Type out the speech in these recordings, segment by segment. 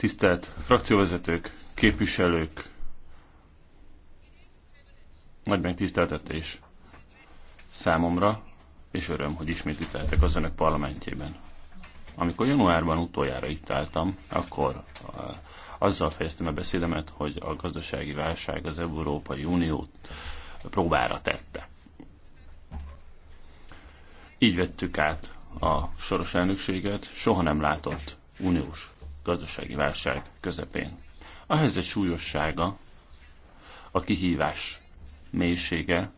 Tisztelt frakcióvezetők, képviselők, nagy megtiszteltetés számomra, és öröm, hogy ismét itt lehetek az önök parlamentjében. Amikor januárban utoljára itt álltam, akkor eh, azzal fejeztem a beszédemet, hogy a gazdasági válság az Európai Uniót próbára tette. Így vettük át a soros elnökséget, soha nem látott uniós gazdasági válság közepén. A helyzet súlyossága, a kihívás mélysége,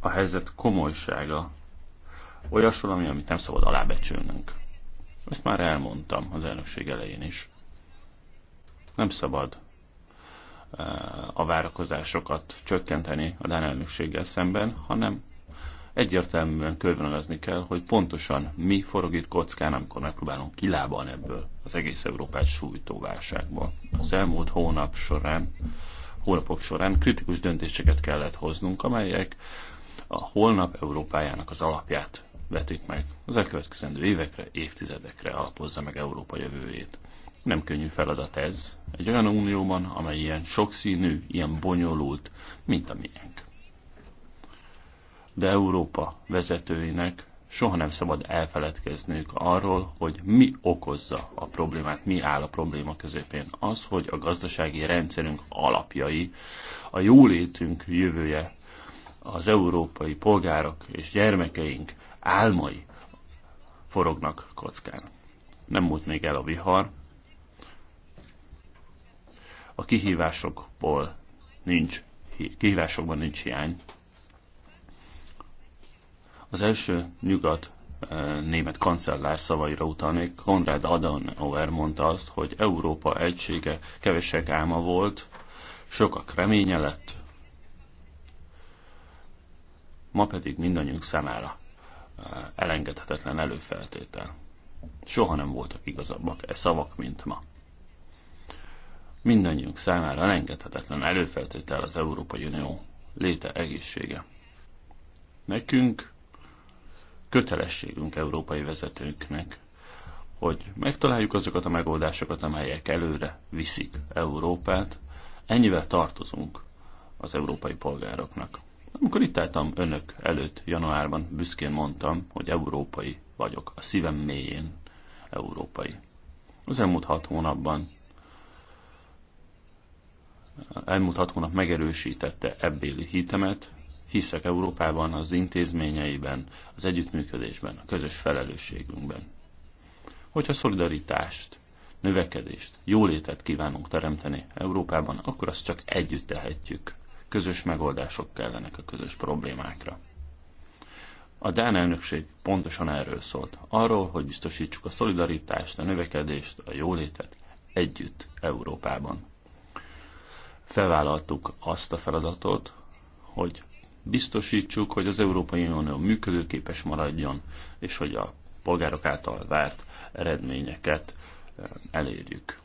a helyzet komolysága olyas valami, amit nem szabad alábecsülnünk. Ezt már elmondtam az elnökség elején is. Nem szabad eh, a várakozásokat csökkenteni a Dán elnökséggel szemben, hanem Egyértelműen körvonalazni kell, hogy pontosan mi forog itt kockán, amikor megpróbálunk kilábalni ebből az egész Európát sújtó válságból. Az elmúlt hónap során, hónapok során kritikus döntéseket kellett hoznunk, amelyek a holnap Európájának az alapját vetik meg. Az elkövetkezendő évekre, évtizedekre alapozza meg Európa jövőjét. Nem könnyű feladat ez, egy olyan unióban, amely ilyen sokszínű, ilyen bonyolult, mint a miénk de Európa vezetőinek soha nem szabad elfeledkezniük arról, hogy mi okozza a problémát, mi áll a probléma középén. Az, hogy a gazdasági rendszerünk alapjai, a jólétünk jövője, az európai polgárok és gyermekeink álmai forognak kockán. Nem múlt még el a vihar, a kihívásokból nincs, kihívásokban nincs hiány, az első nyugat eh, német kancellár szavaira utalnék, Konrad Adenauer mondta azt, hogy Európa egysége kevesek álma volt, sokak reménye lett, ma pedig mindannyiunk számára eh, elengedhetetlen előfeltétel. Soha nem voltak igazabbak e szavak, mint ma. Mindannyiunk számára elengedhetetlen előfeltétel az Európai Unió léte egészsége. Nekünk kötelességünk európai vezetőknek, hogy megtaláljuk azokat a megoldásokat, amelyek előre viszik Európát. Ennyivel tartozunk az európai polgároknak. Amikor itt álltam önök előtt januárban, büszkén mondtam, hogy európai vagyok, a szívem mélyén európai. Az elmúlt hat hónapban elmúlt hat hónap megerősítette ebbéli hitemet, hiszek Európában, az intézményeiben, az együttműködésben, a közös felelősségünkben. Hogyha szolidaritást, növekedést, jólétet kívánunk teremteni Európában, akkor azt csak együtt tehetjük. Közös megoldások kellenek a közös problémákra. A Dán elnökség pontosan erről szólt. Arról, hogy biztosítsuk a szolidaritást, a növekedést, a jólétet együtt Európában. Felvállaltuk azt a feladatot, hogy biztosítsuk, hogy az Európai Unió működőképes maradjon, és hogy a polgárok által várt eredményeket elérjük.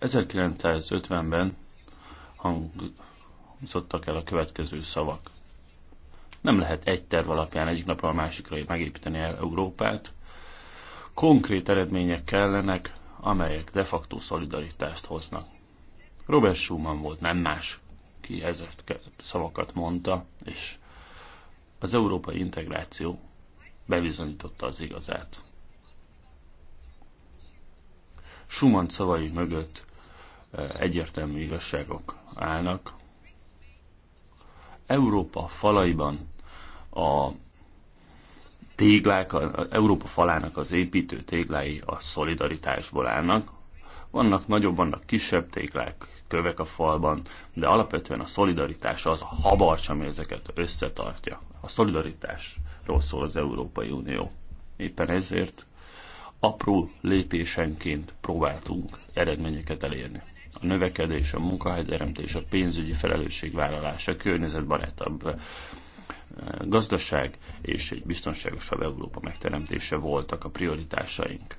1950-ben hangzottak el a következő szavak. Nem lehet egy terv alapján egyik napra a másikra megépíteni el Európát. Konkrét eredmények kellenek, amelyek de facto szolidaritást hoznak. Robert Schumann volt, nem más ki ezeket szavakat mondta, és az európai integráció bebizonyította az igazát. Schumann szavai mögött eh, egyértelmű igazságok állnak. Európa falaiban a téglák, a Európa falának az építő téglái a szolidaritásból állnak. Vannak nagyobb, vannak kisebb téglák, kövek a falban, de alapvetően a szolidaritás az a habarcs, ami ezeket összetartja. A szolidaritásról szól az Európai Unió. Éppen ezért apró lépésenként próbáltunk eredményeket elérni. A növekedés, a munkahelyteremtés, a pénzügyi felelősségvállalás, a környezetbarátabb eh, gazdaság és egy biztonságosabb Európa megteremtése voltak a prioritásaink.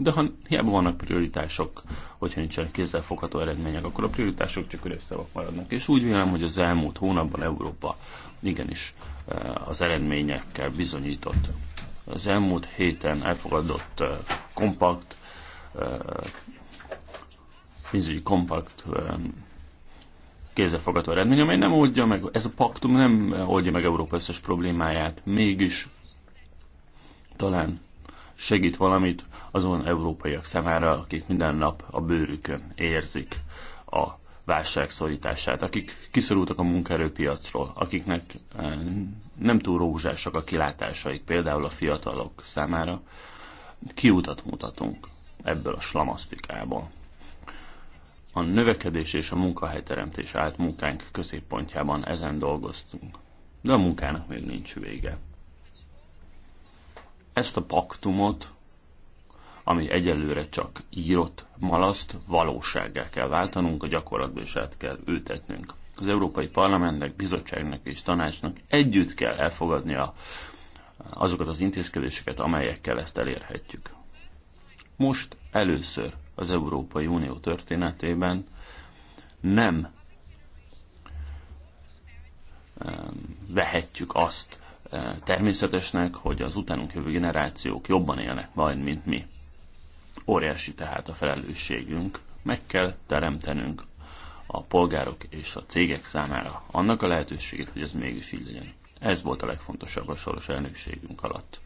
De ha hiába vannak prioritások, hogyha nincsenek kézzelfogható eredmények, akkor a prioritások csak üres szavak maradnak. És úgy vélem, hogy az elmúlt hónapban Európa igenis eh, az eredményekkel bizonyított. Az elmúlt héten elfogadott eh, kompakt, eh, pénzügyi kompakt kézzelfogható eredmény, amely nem oldja meg, ez a paktum nem oldja meg Európa összes problémáját, mégis talán segít valamit azon európaiak számára, akik minden nap a bőrükön érzik a válság szorítását, akik kiszorultak a munkaerőpiacról, akiknek eh, nem túl rózsásak a kilátásaik, például a fiatalok számára, kiutat mutatunk ebből a slamasztikából. A növekedés és a munkahelyteremtés állt munkánk középpontjában ezen dolgoztunk. De a munkának még nincs vége. Ezt a paktumot ami egyelőre csak írott malaszt, valósággá kell váltanunk, a gyakorlatban is át kell ültetnünk. Az Európai Parlamentnek, Bizottságnak és Tanácsnak együtt kell elfogadnia azokat az intézkedéseket, amelyekkel ezt elérhetjük. Most először az Európai Unió történetében nem vehetjük azt természetesnek, hogy az utánunk jövő generációk jobban élnek majd, mint mi. Óriási tehát a felelősségünk, meg kell teremtenünk a polgárok és a cégek számára annak a lehetőségét, hogy ez mégis így legyen. Ez volt a legfontosabb a soros elnökségünk alatt.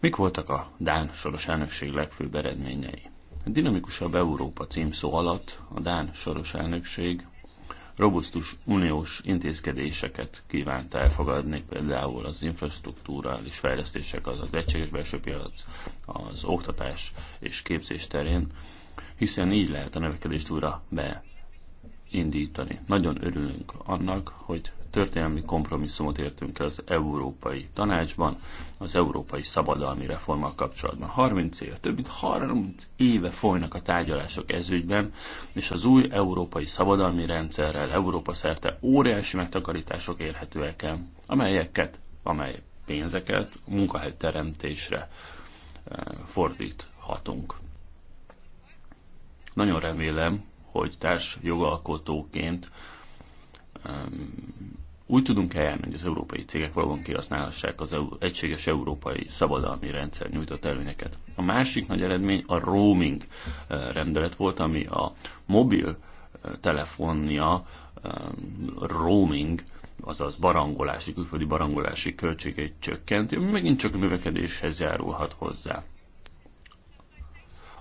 Mik voltak a Dán soros elnökség legfőbb eredményei? A dinamikusabb Európa címszó alatt a Dán soros elnökség robusztus uniós intézkedéseket kívánta elfogadni, például az infrastruktúrális fejlesztések, az, az egységes belső piac, az oktatás és képzés terén, hiszen így lehet a növekedést újra beindítani. Nagyon örülünk annak, hogy történelmi kompromisszumot értünk az Európai Tanácsban, az Európai Szabadalmi Reformmal kapcsolatban. 30 éve, több mint 30 éve folynak a tárgyalások ezügyben, és az új európai szabadalmi rendszerrel Európa szerte óriási megtakarítások érhetőek el, amelyeket, amely pénzeket munkahelyteremtésre eh, fordíthatunk. Nagyon remélem, hogy társ jogalkotóként úgy tudunk eljárni, hogy az európai cégek valóban kihasználhassák az egységes európai szabadalmi rendszer nyújtott előnyeket. A másik nagy eredmény a roaming eh, rendelet volt, ami a mobil eh, telefonja eh, roaming azaz barangolási, külföldi barangolási költségeit csökkenti, ami megint csak növekedéshez járulhat hozzá.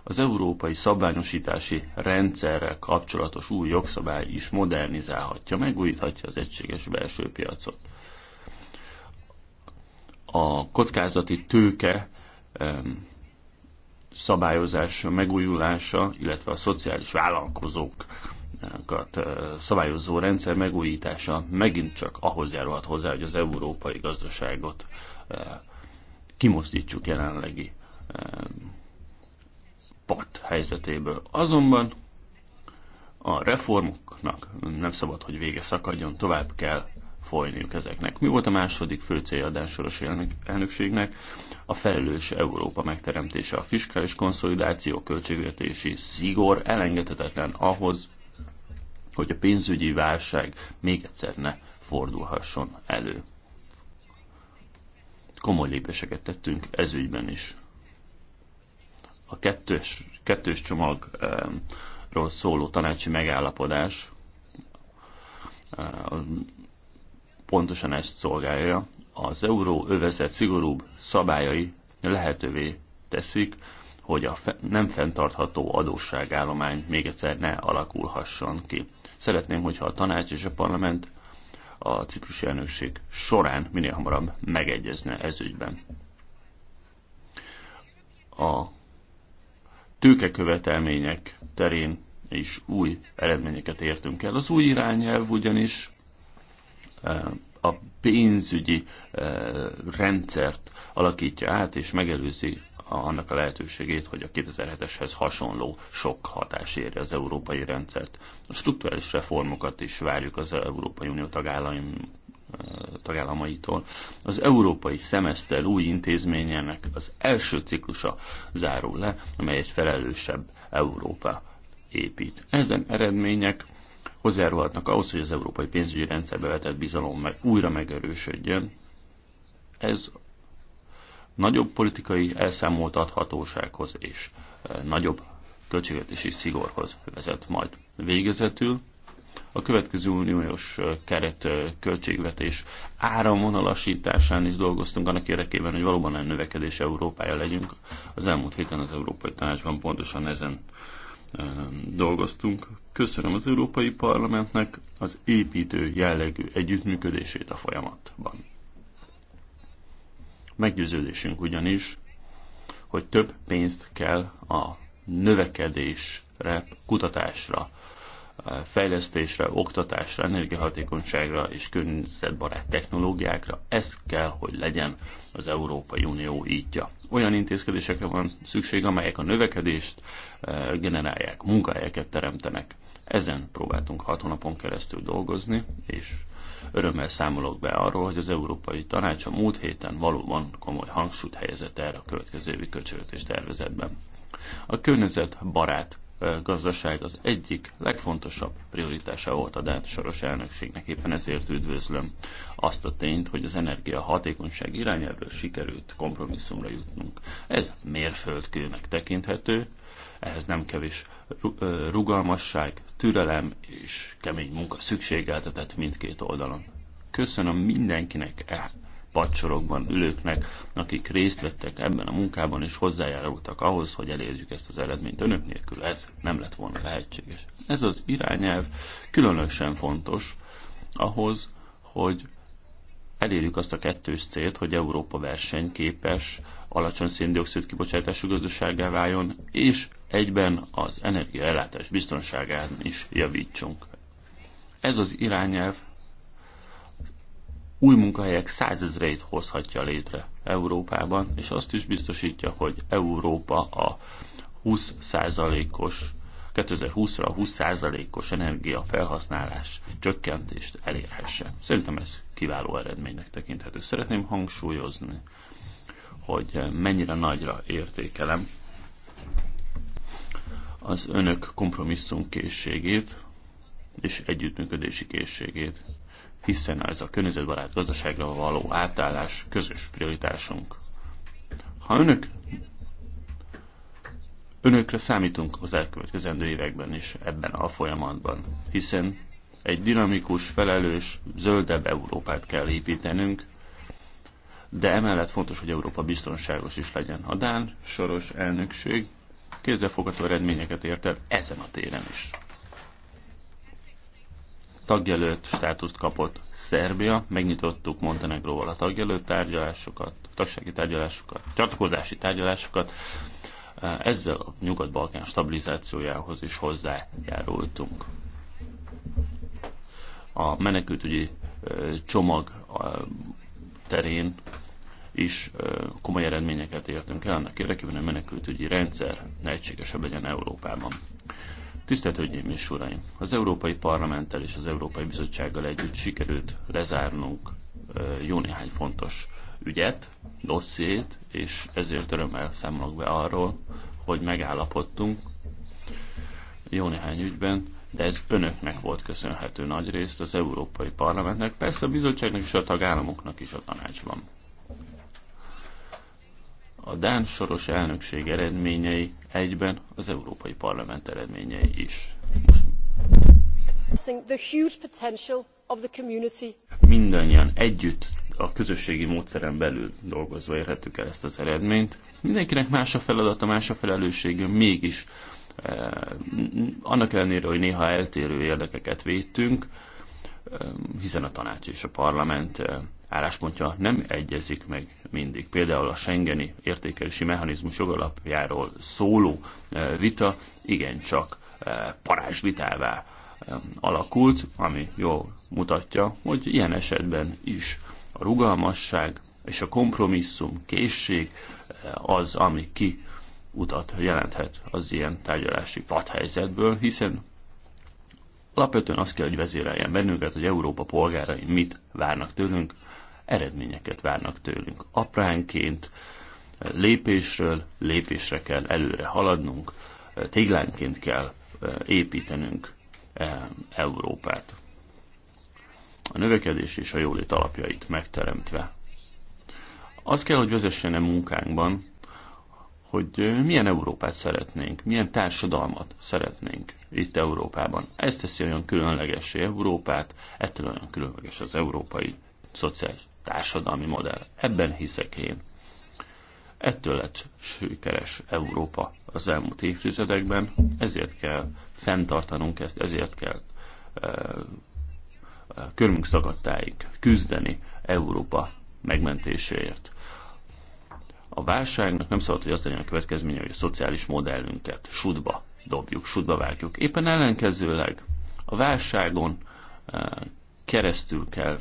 Az európai szabványosítási rendszerrel kapcsolatos új jogszabály is modernizálhatja, megújíthatja az egységes belső piacot. A kockázati tőke szabályozás megújulása, illetve a szociális vállalkozókat szabályozó rendszer megújítása megint csak ahhoz járulhat hozzá, hogy az európai gazdaságot kimozdítsuk jelenlegi pat helyzetéből. Azonban a reformoknak nem szabad, hogy vége szakadjon, tovább kell folyniuk ezeknek. Mi volt a második fő célja a Dánsoros elnökségnek? A felelős Európa megteremtése, a fiskális konszolidáció, költségvetési szigor elengedhetetlen ahhoz, hogy a pénzügyi válság még egyszer ne fordulhasson elő. Komoly lépéseket tettünk ezügyben is kettős, kettős csomagról szóló tanácsi megállapodás pontosan ezt szolgálja. Az euró övezet szigorúbb szabályai lehetővé teszik, hogy a nem fenntartható adósságállomány még egyszer ne alakulhasson ki. Szeretném, hogyha a tanács és a parlament a ciprusi elnökség során minél hamarabb megegyezne ez ügyben. A tőkekövetelmények terén is új eredményeket értünk el. Az új irányelv ugyanis eh, a pénzügyi eh, rendszert alakítja át, és megelőzi annak a lehetőségét, hogy a 2007-eshez hasonló sok hatás érje az európai rendszert. A strukturális reformokat is várjuk az Európai Unió tagállamaitól. Az európai szemeszter új intézményének az első ciklusa zárul le, amely egy felelősebb Európa épít. Ezen eredmények hozzájárulhatnak ahhoz, hogy az európai pénzügyi rendszerbe vetett bizalom meg, újra megerősödjön. Ez nagyobb politikai elszámoltathatósághoz és eh, nagyobb költségvetési szigorhoz vezet majd. Végezetül a következő uniós keret költségvetés áramvonalasításán is dolgoztunk annak érdekében, hogy valóban egy növekedés Európája legyünk. Az elmúlt héten az Európai Tanácsban pontosan ezen dolgoztunk. Köszönöm az Európai Parlamentnek az építő jellegű együttműködését a folyamatban. Meggyőződésünk ugyanis, hogy több pénzt kell a növekedésre, kutatásra, fejlesztésre, oktatásra, energiahatékonyságra és környezetbarát technológiákra. Ez kell, hogy legyen az Európai Unió ígyja. Olyan intézkedésekre van szükség, amelyek a növekedést eh, generálják, munkahelyeket teremtenek. Ezen próbáltunk hat hónapon keresztül dolgozni, és örömmel számolok be arról, hogy az Európai Tanács a múlt héten valóban komoly hangsúlyt helyezett erre a következő évi költségvetés tervezetben. A környezetbarát gazdaság az egyik legfontosabb prioritása volt a Dát Soros elnökségnek, éppen ezért üdvözlöm azt a tényt, hogy az energia hatékonyság irányáról sikerült kompromisszumra jutnunk. Ez mérföldkőnek tekinthető, ehhez nem kevés rugalmasság, türelem és kemény munka szükségeltetett mindkét oldalon. Köszönöm mindenkinek e padsorokban ülőknek, akik részt vettek ebben a munkában, és hozzájárultak ahhoz, hogy elérjük ezt az eredményt. Önök nélkül ez nem lett volna lehetséges. Ez az irányelv különösen fontos ahhoz, hogy elérjük azt a kettős célt, hogy Európa versenyképes, alacsony széndiokszid kibocsátású gazdaságá váljon, és egyben az energiaellátás biztonságán is javítsunk. Ez az irányelv új munkahelyek százezreit hozhatja létre Európában, és azt is biztosítja, hogy Európa a 20%-os 2020-ra a 20%-os energiafelhasználás csökkentést elérhesse. Szerintem ez kiváló eredménynek tekinthető. Szeretném hangsúlyozni, hogy mennyire nagyra értékelem az önök kompromisszum készségét és együttműködési készségét hiszen ez a környezetbarát gazdaságra való átállás közös prioritásunk. Ha önök Önökre számítunk az elkövetkezendő években is ebben a folyamatban, hiszen egy dinamikus, felelős, zöldebb Európát kell építenünk, de emellett fontos, hogy Európa biztonságos is legyen. A Dán soros elnökség kézzelfogható eredményeket ért el ezen a téren is tagjelölt státuszt kapott Szerbia, megnyitottuk Montenegróval a tagjelölt tárgyalásokat, tagsági tárgyalásokat, csatlakozási tárgyalásokat, ezzel a Nyugat-Balkán stabilizációjához is hozzájárultunk. A menekültügyi csomag terén is komoly eredményeket értünk el, annak érdekében, hogy a menekültügyi rendszer egységesebb legyen Európában. Tisztelt Hölgyeim és Uraim! Az Európai Parlamenttel és az Európai Bizottsággal együtt sikerült lezárnunk jó néhány fontos ügyet, dossziét, és ezért örömmel számolok be arról, hogy megállapodtunk jó néhány ügyben, de ez önöknek volt köszönhető nagy részt az Európai Parlamentnek, persze a bizottságnak és a tagállamoknak is a tanácsban a Dán soros elnökség eredményei egyben az Európai Parlament eredményei is. Mindannyian együtt a közösségi módszeren belül dolgozva érhetük el ezt az eredményt. Mindenkinek más a feladata, más a felelőssége, mégis eh, annak ellenére, hogy néha eltérő érdekeket védtünk, hiszen a tanács és a parlament álláspontja nem egyezik meg mindig. Például a Schengeni értékelési mechanizmus jogalapjáról szóló vita igencsak parázsvitává alakult, ami jól mutatja, hogy ilyen esetben is a rugalmasság és a kompromisszum készség az, ami ki utat jelenthet az ilyen tárgyalási vadhelyzetből, hiszen Alapvetően azt kell, hogy vezéreljen bennünket, hogy Európa polgárai mit várnak tőlünk, eredményeket várnak tőlünk. Apránként, eh, lépésről lépésre kell előre haladnunk, eh, téglánként kell eh, építenünk Európát. A növekedés és a jólét alapjait megteremtve. Azt kell, hogy vezessen a munkánkban, hogy milyen Európát szeretnénk, milyen társadalmat szeretnénk itt Európában. Ez teszi olyan különlegessé Európát, ettől olyan különleges az európai szociális társadalmi modell. Ebben hiszek én. Ettől lett sikeres Európa az elmúlt évtizedekben, ezért kell fenntartanunk ezt, ezért kell e, körmünk szakadtáig küzdeni Európa megmentéséért. A válságnak nem szabad, hogy az legyen a következménye, hogy a szociális modellünket sudba dobjuk, sudba vágjuk. Éppen ellenkezőleg a válságon eh, keresztül kell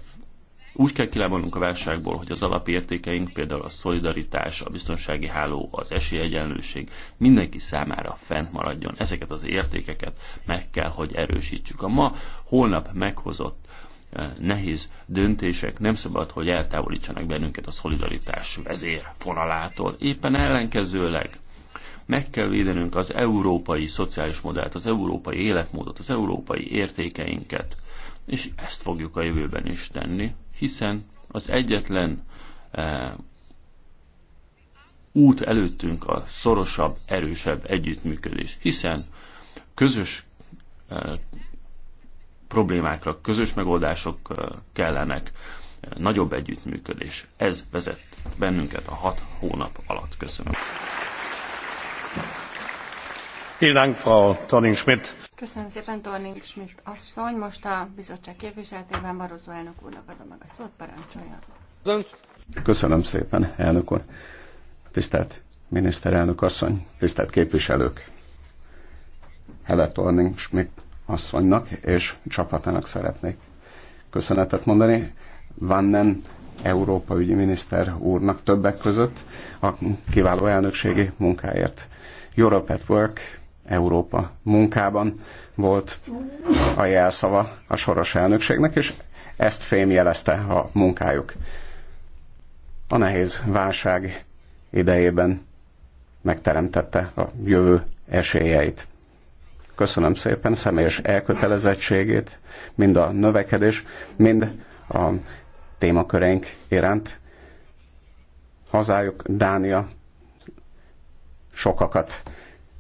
úgy kell kilábanunk a válságból, hogy az alapértékeink, például a szolidaritás, a biztonsági háló, az esélyegyenlőség mindenki számára fent maradjon. Ezeket az értékeket meg kell, hogy erősítsük. A ma, holnap meghozott Eh, nehéz döntések nem szabad, hogy eltávolítsanak bennünket a szolidaritás vezérfonalától. Éppen ellenkezőleg meg kell védenünk az európai szociális modellt, az európai életmódot, az európai értékeinket. És ezt fogjuk a jövőben is tenni, hiszen az egyetlen e, út előttünk a szorosabb, erősebb együttműködés. Hiszen közös e, problémákra közös megoldások kellenek, nagyobb együttműködés. Ez vezet bennünket a hat hónap alatt. Köszönöm. Köszönöm szépen, Torning Schmidt asszony. Most a bizottság képviseletében Barozó elnök úrnak adom meg a szót, parancsolja. Köszönöm szépen, elnök úr. Tisztelt miniszterelnök asszony, tisztelt képviselők. Hele Torning Schmidt asszonynak és csapatának szeretnék köszönetet mondani. Vannen Európa ügyi miniszter úrnak többek között a kiváló elnökségi munkáért. Europe at Work, Európa munkában volt a jelszava a soros elnökségnek, és ezt fémjelezte a munkájuk. A nehéz válság idejében megteremtette a jövő esélyeit. Köszönöm szépen személyes elkötelezettségét, mind a növekedés, mind a témaköreink iránt. Hazájuk, Dánia sokakat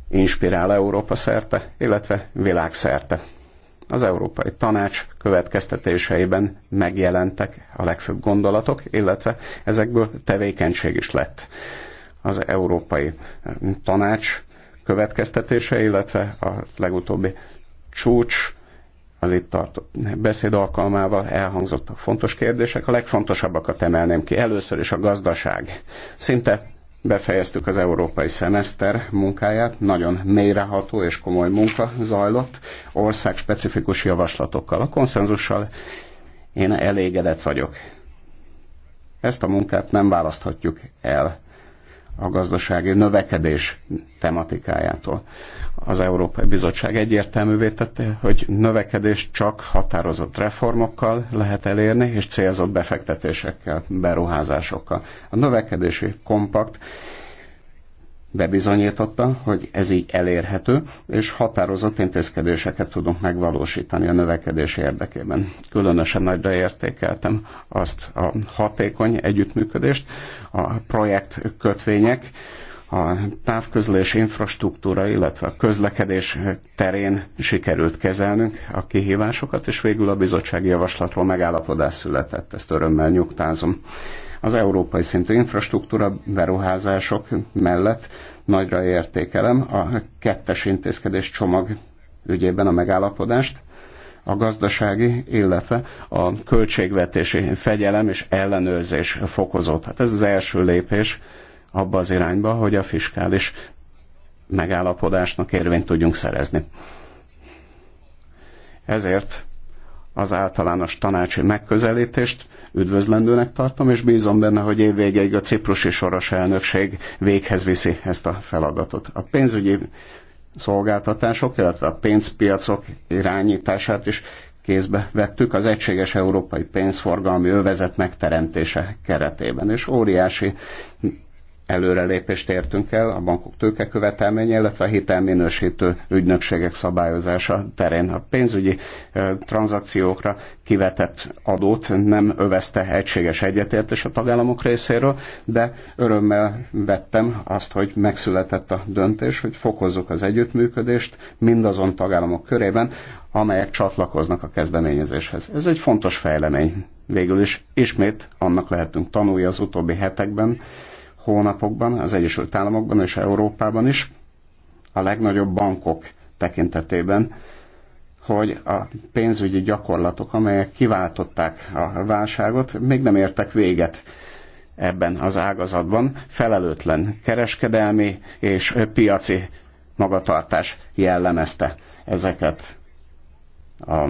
inspirál Európa szerte, illetve világszerte. Az Európai Tanács következtetéseiben megjelentek a legfőbb gondolatok, illetve ezekből tevékenység is lett. Az Európai Tanács következtetése, illetve a legutóbbi csúcs az itt tartott beszéd alkalmával elhangzottak fontos kérdések. A legfontosabbakat emelném ki. Először is a gazdaság. Szinte befejeztük az európai szemeszter munkáját, nagyon mélyreható és komoly munka zajlott, ország specifikus javaslatokkal, a konszenzussal én elégedett vagyok. Ezt a munkát nem választhatjuk el a gazdasági növekedés tematikájától. Az Európai Bizottság egyértelművé tette, hogy növekedést csak határozott reformokkal lehet elérni, és célzott befektetésekkel, beruházásokkal. A növekedési kompakt bebizonyította, hogy ez így elérhető, és határozott intézkedéseket tudunk megvalósítani a növekedés érdekében. Különösen nagyra értékeltem azt a hatékony együttműködést, a projekt kötvények, a távközlés infrastruktúra, illetve a közlekedés terén sikerült kezelnünk a kihívásokat, és végül a bizottsági javaslatról megállapodás született, ezt örömmel nyugtázom. Az európai szintű infrastruktúra beruházások mellett nagyra értékelem a kettes intézkedés csomag ügyében a megállapodást, a gazdasági, illetve a költségvetési fegyelem és ellenőrzés fokozott. Hát Ez az első lépés abba az irányba, hogy a fiskális megállapodásnak érvényt tudjunk szerezni. Ezért az általános tanácsi megközelítést üdvözlendőnek tartom, és bízom benne, hogy évvégeig a ciprusi soros elnökség véghez viszi ezt a feladatot. A pénzügyi szolgáltatások, illetve a pénzpiacok irányítását is kézbe vettük az egységes európai pénzforgalmi övezet megteremtése keretében, és óriási előrelépést értünk el a bankok tőkekövetelménye, illetve a hitelminősítő ügynökségek szabályozása terén. A pénzügyi tranzakciókra kivetett adót nem övezte egységes egyetértés a tagállamok részéről, de örömmel vettem azt, hogy megszületett a döntés, hogy fokozzuk az együttműködést mindazon tagállamok körében, amelyek csatlakoznak a kezdeményezéshez. Ez egy fontos fejlemény. Végül is ismét annak lehetünk tanulni az utóbbi hetekben, hónapokban az Egyesült Államokban és Európában is a legnagyobb bankok tekintetében, hogy a pénzügyi gyakorlatok, amelyek kiváltották a válságot, még nem értek véget ebben az ágazatban. Felelőtlen kereskedelmi és piaci magatartás jellemezte ezeket a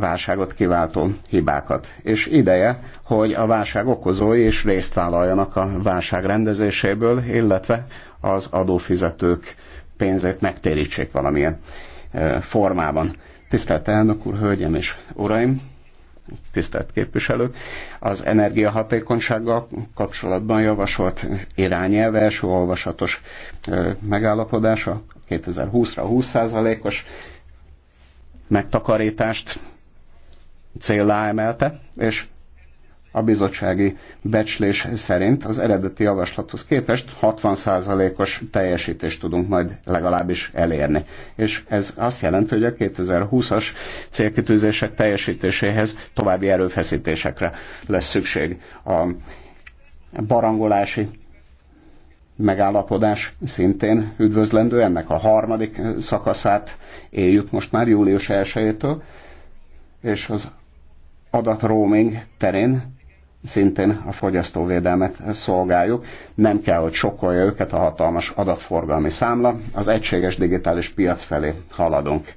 válságot kiváltó hibákat. És ideje, hogy a válság okozói is részt vállaljanak a válság rendezéséből, illetve az adófizetők pénzét megtérítsék valamilyen formában. Tisztelt elnök úr, hölgyem és uraim, tisztelt képviselők, az energiahatékonysággal kapcsolatban javasolt irányelv első olvasatos megállapodása 2020-ra 20%-os megtakarítást célá emelte, és a bizottsági becslés szerint az eredeti javaslathoz képest 60%-os teljesítést tudunk majd legalábbis elérni. És ez azt jelenti, hogy a 2020-as célkitűzések teljesítéséhez további erőfeszítésekre lesz szükség. A barangolási megállapodás szintén üdvözlendő, ennek a harmadik szakaszát éljük most már július 1-től, és az adat roaming terén szintén a fogyasztóvédelmet szolgáljuk. Nem kell, hogy sokkolja őket a hatalmas adatforgalmi számla. Az egységes digitális piac felé haladunk.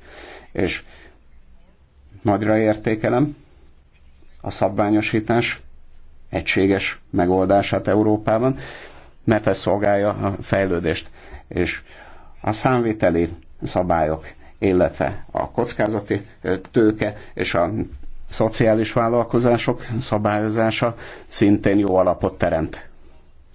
És nagyra értékelem a szabványosítás egységes megoldását Európában, mert ez szolgálja a fejlődést. És a számviteli szabályok, illetve a kockázati tőke és a szociális vállalkozások szabályozása szintén jó alapot teremt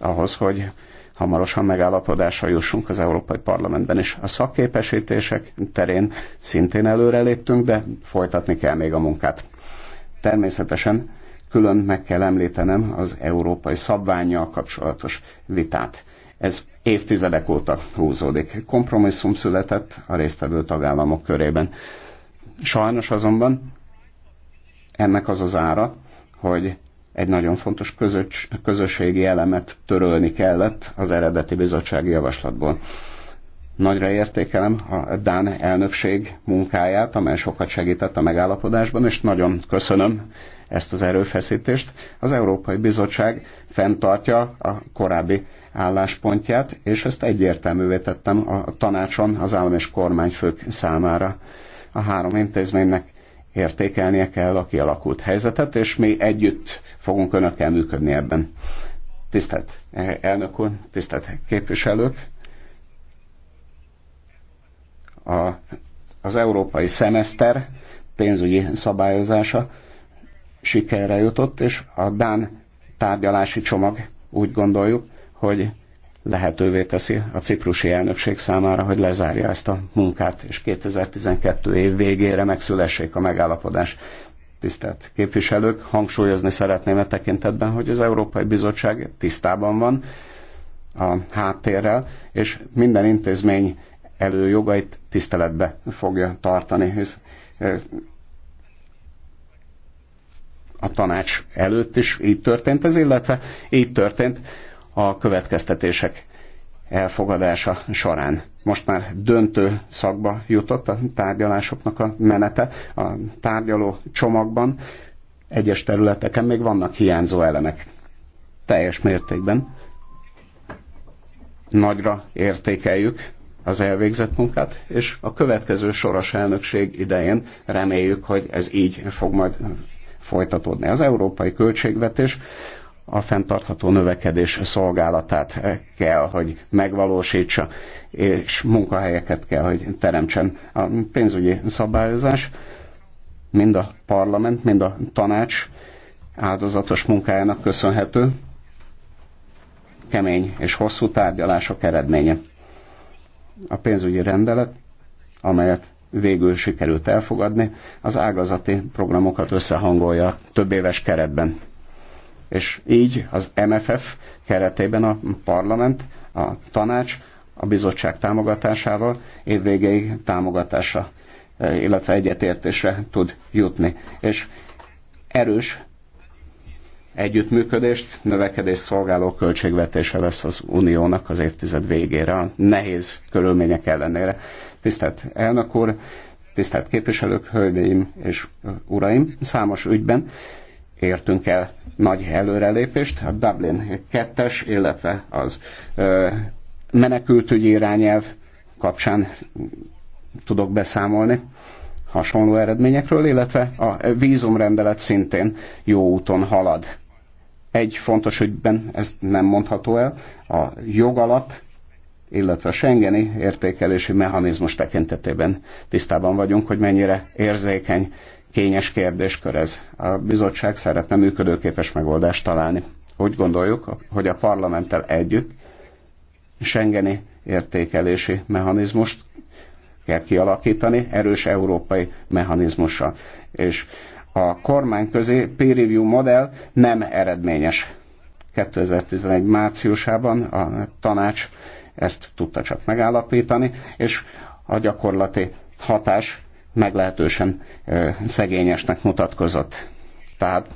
ahhoz, hogy hamarosan megállapodásra jussunk az Európai Parlamentben is. A szakképesítések terén szintén előreléptünk, de folytatni kell még a munkát. Természetesen külön meg kell említenem az európai szabványjal kapcsolatos vitát. Ez évtizedek óta húzódik. Kompromisszum született a résztvevő tagállamok körében. Sajnos azonban ennek az az ára, hogy egy nagyon fontos közösségi elemet törölni kellett az eredeti bizottsági javaslatból. Nagyra értékelem a Dán elnökség munkáját, amely sokat segített a megállapodásban, és nagyon köszönöm ezt az erőfeszítést. Az Európai Bizottság fenntartja a korábbi álláspontját, és ezt egyértelművé tettem a tanácson az állam és kormányfők számára. A három intézménynek értékelnie kell a kialakult helyzetet, és mi együtt fogunk önökkel működni ebben. Tisztelt elnök úr, tisztelt képviselők! A, az európai szemeszter pénzügyi szabályozása sikerre jutott, és a Dán tárgyalási csomag úgy gondoljuk, hogy lehetővé teszi a ciprusi elnökség számára, hogy lezárja ezt a munkát, és 2012 év végére megszülessék a megállapodás. Tisztelt képviselők, hangsúlyozni szeretném a e tekintetben, hogy az Európai Bizottság tisztában van a háttérrel, és minden intézmény előjogait tiszteletbe fogja tartani, hisz a tanács előtt is így történt ez, illetve így történt a következtetések elfogadása során. Most már döntő szakba jutott a tárgyalásoknak a menete. A tárgyaló csomagban egyes területeken még vannak hiányzó elemek. Teljes mértékben nagyra értékeljük az elvégzett munkát, és a következő soros elnökség idején reméljük, hogy ez így fog majd folytatódni. Az európai költségvetés a fenntartható növekedés szolgálatát kell, hogy megvalósítsa, és munkahelyeket kell, hogy teremtsen. A pénzügyi szabályozás mind a parlament, mind a tanács áldozatos munkájának köszönhető, kemény és hosszú tárgyalások eredménye. A pénzügyi rendelet, amelyet végül sikerült elfogadni, az ágazati programokat összehangolja több éves keretben és így az MFF keretében a parlament, a tanács, a bizottság támogatásával évvégéig támogatása e, illetve egyetértésre tud jutni. És erős együttműködést, növekedést szolgáló költségvetése lesz az uniónak az évtized végére, a nehéz körülmények ellenére. Tisztelt elnök úr, tisztelt képviselők, hölgyeim és uraim, számos ügyben értünk el nagy előrelépést. A Dublin 2-es, illetve az menekültügyi irányelv kapcsán tudok beszámolni hasonló eredményekről, illetve a vízumrendelet szintén jó úton halad. Egy fontos ügyben, ezt nem mondható el, a jogalap, illetve a Schengeni értékelési mechanizmus tekintetében tisztában vagyunk, hogy mennyire érzékeny kényes kérdéskör ez. A bizottság szeretne működőképes megoldást találni. Úgy gondoljuk, hogy a parlamenttel együtt Schengeni értékelési mechanizmust kell kialakítani erős európai mechanizmussal. És a kormányközi peer review modell nem eredményes. 2011 márciusában a tanács ezt tudta csak megállapítani, és a gyakorlati hatás meglehetősen szegényesnek mutatkozott. Tehát,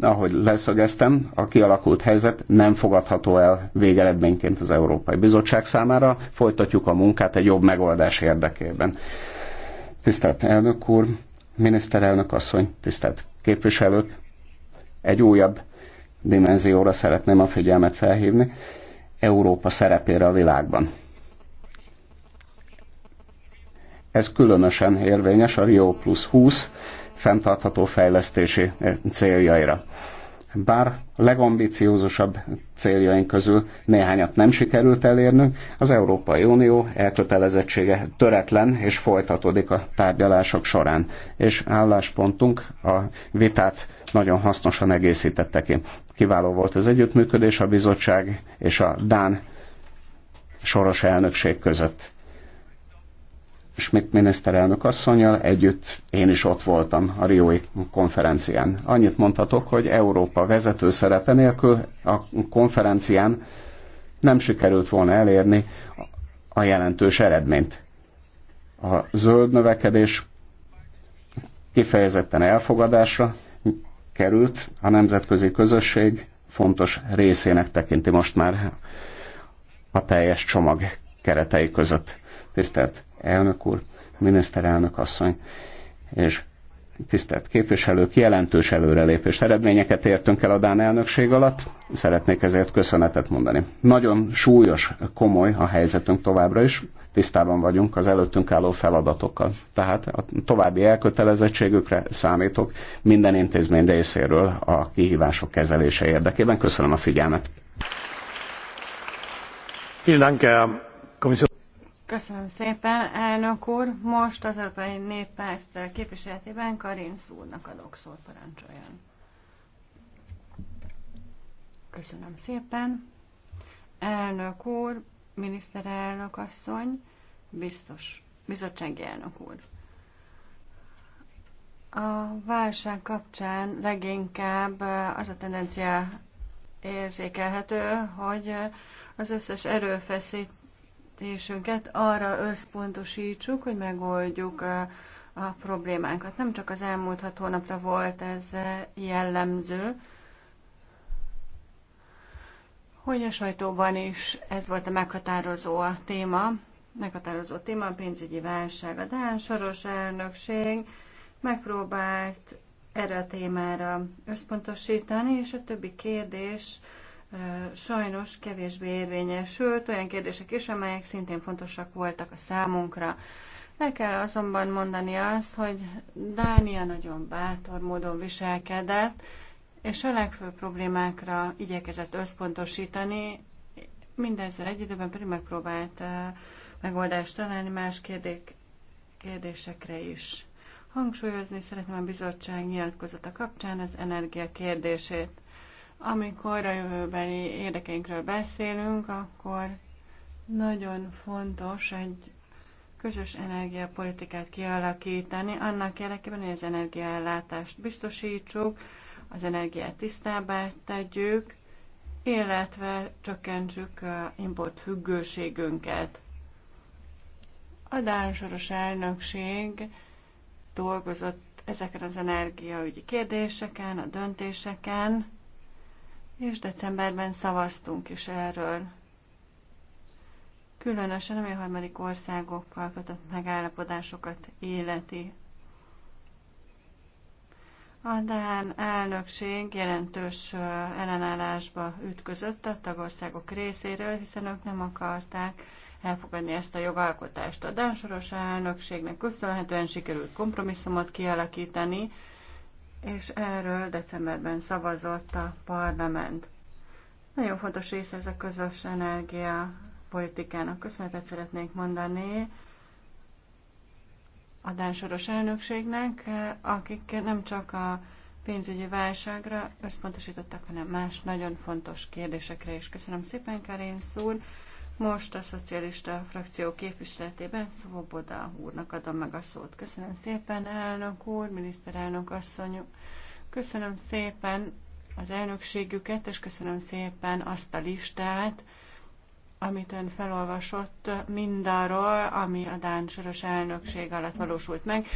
ahogy leszögeztem, a kialakult helyzet nem fogadható el végeredményként az Európai Bizottság számára. Folytatjuk a munkát egy jobb megoldás érdekében. Tisztelt elnök úr, miniszterelnök asszony, tisztelt képviselők, egy újabb dimenzióra szeretném a figyelmet felhívni, Európa szerepére a világban. Ez különösen érvényes a Rio Plus 20 fenntartható fejlesztési eh, céljaira. Bár legambiciózusabb céljaink közül néhányat nem sikerült elérnünk, az Európai Unió elkötelezettsége töretlen és folytatódik a tárgyalások során, és álláspontunk a vitát nagyon hasznosan egészítette ki. Kiváló volt az együttműködés a bizottság és a Dán soros elnökség között Schmidt miniszterelnök asszonyjal együtt én is ott voltam a Riói konferencián. Annyit mondhatok, hogy Európa vezető szerepe nélkül a konferencián nem sikerült volna elérni a jelentős eredményt. A zöld növekedés kifejezetten elfogadásra került, a nemzetközi közösség fontos részének tekinti most már a teljes csomag keretei között. Tisztelt elnök úr, miniszterelnök asszony, és tisztelt képviselők, jelentős előrelépést, eredményeket értünk el a Dán elnökség alatt, szeretnék ezért köszönetet mondani. Nagyon súlyos, komoly a helyzetünk továbbra is, tisztában vagyunk az előttünk álló feladatokkal. Tehát a további elkötelezettségükre számítok minden intézmény részéről a kihívások kezelése érdekében. Köszönöm a figyelmet. Vielen Dank, Herr Kommissar. Köszönöm szépen, elnök úr. Most az Európai Néppárt képviseletében Karin Szúrnak adok szót, parancsoljon. Köszönöm szépen. Elnök úr, miniszterelnök asszony, biztos, bizottsági elnök úr. A válság kapcsán leginkább az a tendencia érzékelhető, hogy az összes erőfeszít figyelmeztetésünket arra összpontosítsuk, hogy megoldjuk a, a problémánkat. Nem csak az elmúlt hat hónapra volt ez jellemző, hogy a sajtóban is ez volt a meghatározó a téma, meghatározó téma a pénzügyi válság. A Dán Soros elnökség megpróbált erre a témára összpontosítani, és a többi kérdés sajnos kevésbé érvényesült, olyan kérdések is, amelyek szintén fontosak voltak a számunkra. Le kell azonban mondani azt, hogy Dánia nagyon bátor módon viselkedett, és a legfőbb problémákra igyekezett összpontosítani, mindezzel egy időben pedig megpróbált megoldást találni más kérdék, kérdésekre is. Hangsúlyozni szeretném a bizottság nyilatkozata kapcsán az energia kérdését. Amikor a jövőbeli érdekeinkről beszélünk, akkor nagyon fontos egy közös energiapolitikát kialakítani, annak érdekében, hogy az energiaellátást biztosítsuk, az energiát tisztábbá tegyük, illetve csökkentsük import függőségünket. A Dánsoros elnökség dolgozott ezeken az energiaügyi kérdéseken, a döntéseken, és decemberben szavaztunk is erről. Különösen, ami a harmadik országokkal kötött megállapodásokat életi. A Dán elnökség jelentős ellenállásba ütközött a tagországok részéről, hiszen ők nem akarták elfogadni ezt a jogalkotást. A Dán soros elnökségnek köszönhetően sikerült kompromisszumot kialakítani, és erről decemberben szavazott a parlament. Nagyon fontos része ez a közös energia politikának. Köszönetet szeretnék mondani a Dánsoros elnökségnek, akik nem csak a pénzügyi válságra összpontosítottak, hanem más nagyon fontos kérdésekre is. Köszönöm szépen, Karin Szúr! Most a szocialista frakció képviseletében Szoboda úrnak adom meg a szót. Köszönöm szépen, elnök úr, miniszterelnök asszony. Köszönöm szépen az elnökségüket, és köszönöm szépen azt a listát, amit ön felolvasott mindarról, ami a Dán Soros elnökség alatt valósult meg.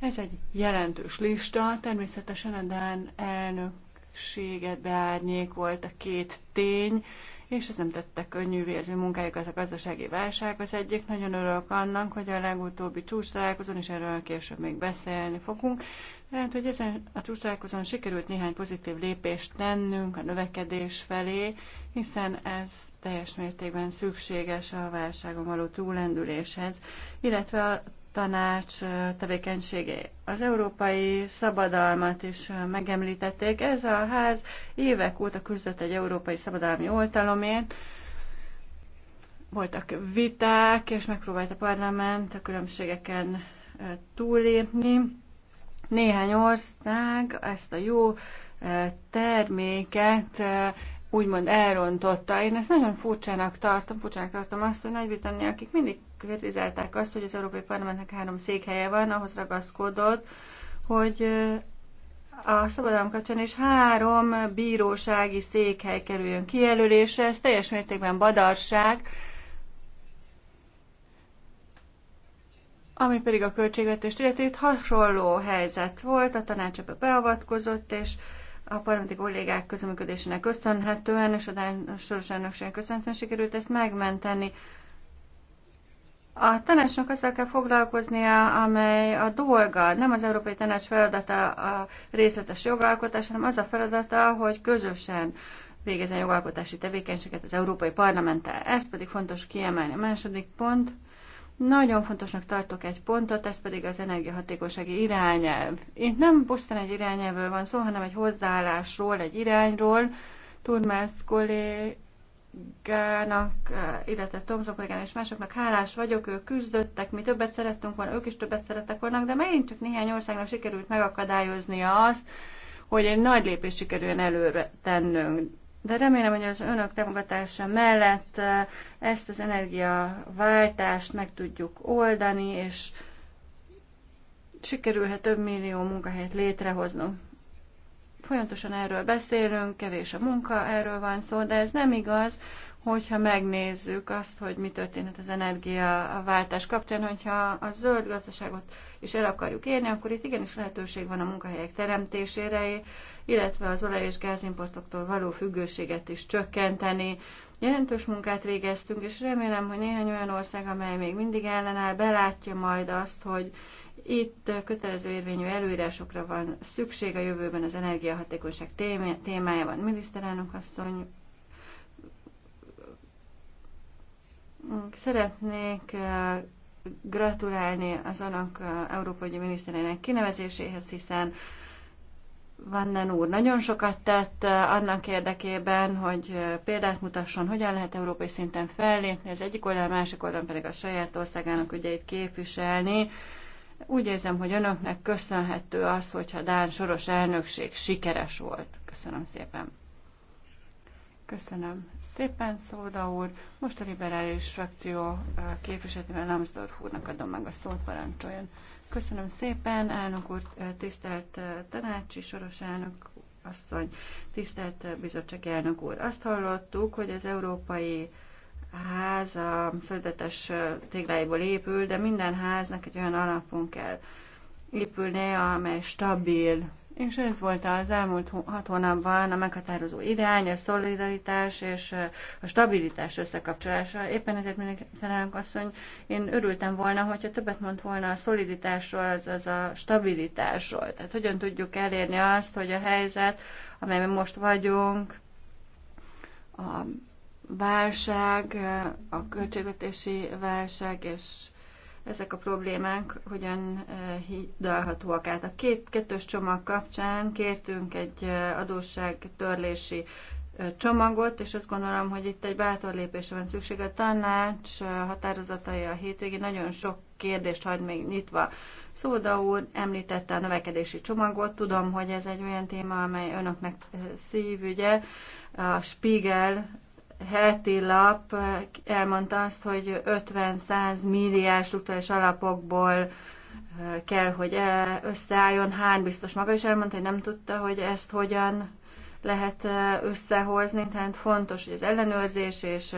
Ez egy jelentős lista, természetesen a Dán elnökséget beárnyék volt a két tény, és ez nem tette könnyűvé az ő munkájukat a gazdasági válság. Az egyik nagyon örülök annak, hogy a legutóbbi csúcs találkozón, és erről később még beszélni fogunk, tehát, hogy ezen a találkozón sikerült néhány pozitív lépést tennünk a növekedés felé, hiszen ez teljes mértékben szükséges a válságon való túlendüléshez, illetve a tanács tevékenységé. Az európai szabadalmat is megemlítették. Ez a ház évek óta küzdött egy európai szabadalmi oltalomért. Voltak viták, és megpróbált a parlament a különbségeken túlépni. Néhány ország ezt a jó terméket úgymond elrontotta. Én ezt nagyon furcsának tartom, furcsának tartom azt, hogy Nagy-Britannia, akik mindig kritizálták azt, hogy az Európai Parlamentnek három székhelye van, ahhoz ragaszkodott, hogy a szabadalom kapcsán is három bírósági székhely kerüljön kijelölésre, ez teljes mértékben badarság, Ami pedig a költségvetést illeti, itt hasonló helyzet volt, a tanács ebbe beavatkozott, és a parlamenti kollégák közöműködésének köszönhetően, és a soros elnökségnek köszönhetően sikerült ezt megmenteni. A tanácsnak azzal kell foglalkoznia, amely a dolga, nem az Európai Tanács feladata a részletes jogalkotás, hanem az a feladata, hogy közösen végezzen jogalkotási tevékenységet az Európai Parlamenttel. Ezt pedig fontos kiemelni. A második pont, nagyon fontosnak tartok egy pontot, ez pedig az energiahatékonysági irányelv. Itt nem pusztán egy irányelvről van szó, hanem egy hozzáállásról, egy irányról. Turmász kollég, Gának, eh, illetve Tomzó kollégának és másoknak hálás vagyok, ők küzdöttek, mi többet szerettünk volna, ők is többet szerettek volna, de megint csak néhány országnak sikerült megakadályozni azt, hogy egy nagy lépés sikerüljön előre tennünk. De remélem, hogy az önök támogatása mellett eh, ezt az energiaváltást meg tudjuk oldani, és sikerülhet több millió munkahelyet létrehoznunk. Folyamatosan erről beszélünk, kevés a munka, erről van szó, de ez nem igaz, hogyha megnézzük azt, hogy mi történhet az energia váltás kapcsán, hogyha a zöld gazdaságot is el akarjuk érni, akkor itt igenis lehetőség van a munkahelyek teremtésére, illetve az olaj- és gázimportoktól való függőséget is csökkenteni. Jelentős munkát végeztünk, és remélem, hogy néhány olyan ország, amely még mindig ellenáll, belátja majd azt, hogy itt kötelező érvényű előírásokra van szükség a jövőben az energiahatékonyság témájában. Miniszterelnök asszony, szeretnék eh, gratulálni az annak eh, európai miniszterének kinevezéséhez, hiszen Vannen úr nagyon sokat tett eh, annak érdekében, hogy példát mutasson, hogyan lehet európai szinten fellépni, az egyik oldal, a másik oldalon pedig a saját országának ügyeit képviselni. Úgy érzem, hogy önöknek köszönhető az, hogyha Dán soros elnökség sikeres volt. Köszönöm szépen. Köszönöm szépen, Szóda úr. Most a liberális frakció képviseletében Lambsdorff úrnak adom meg a szót, parancsoljon. Köszönöm szépen, elnök úr, tisztelt tanácsi soros elnök asszony, tisztelt bizottság elnök úr. Azt hallottuk, hogy az európai ház a szöldetes tégláiból épül, de minden háznak egy olyan alapon kell épülni, amely stabil. És ez volt az elmúlt hat hónapban a meghatározó irány, a szolidaritás és a stabilitás összekapcsolása. Éppen ezért miniszterelnök asszony, én örültem volna, hogyha többet mond volna a szoliditásról, azaz a stabilitásról. Tehát hogyan tudjuk elérni azt, hogy a helyzet, amelyben most vagyunk, a válság, a költségvetési válság és ezek a problémák hogyan eh, hidalhatóak át. A két kettős csomag kapcsán kértünk egy eh, adósságtörlési eh, csomagot, és azt gondolom, hogy itt egy bátor lépésre van szükség. A tanács határozatai a hétvégén nagyon sok kérdést hagy még nyitva. Szóda úr említette a növekedési csomagot, tudom, hogy ez egy olyan téma, amely önöknek szívügye. A Spiegel heti lap elmondta azt, hogy 50-100 milliárd struktúrális alapokból kell, hogy e, összeálljon. Hán biztos maga is elmondta, hogy nem tudta, hogy ezt hogyan lehet összehozni, tehát fontos, hogy az ellenőrzés és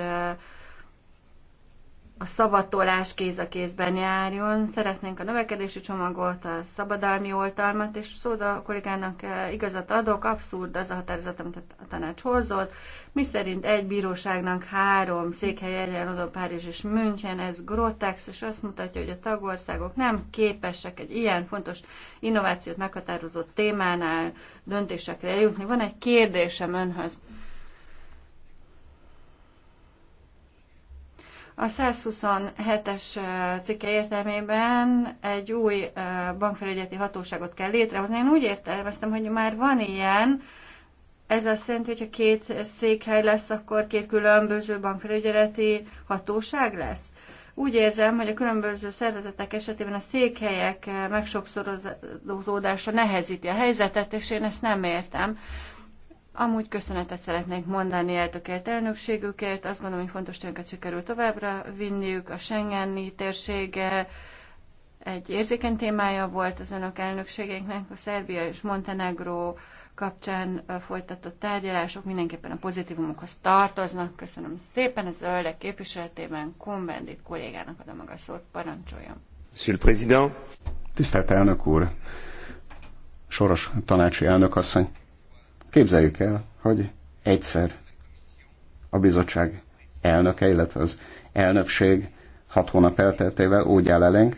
a szabadtolás kéz a kézben járjon. Szeretnénk a növekedési csomagot, a szabadalmi oltalmat, és szóda kollégának eh, igazat adok, abszurd az a határozat, amit a tanács hozott, mi szerint egy bíróságnak három székhely legyen oda Párizs és München, ez grotex, és azt mutatja, hogy a tagországok nem képesek egy ilyen fontos innovációt meghatározott témánál döntésekre jutni. Van egy kérdésem önhöz. A 127-es cikke értelmében egy új bankfelügyeleti hatóságot kell létrehozni. Én úgy értelmeztem, hogy már van ilyen, ez azt jelenti, hogy ha két székhely lesz, akkor két különböző bankfelügyeleti hatóság lesz? Úgy érzem, hogy a különböző szervezetek esetében a székhelyek megsokszorozódása nehezíti a helyzetet, és én ezt nem értem. Amúgy köszönetet szeretnék mondani eltökélt elnökségükért. Azt gondolom, hogy fontos tényeket sikerül továbbra vinniük. A Schengeni térsége egy érzékeny témája volt az önök elnökségeknek, A Szerbia és Montenegro kapcsán folytatott tárgyalások mindenképpen a pozitívumokhoz tartoznak. Köszönöm szépen az öldek képviseletében Kumbendit kollégának adom a szót. Parancsoljon. Monsieur le Président. Tisztelt elnök úr, soros tanácsi elnök asszony, Képzeljük el, hogy egyszer a bizottság elnöke, illetve az elnökség hat hónap elteltével úgy áll elénk,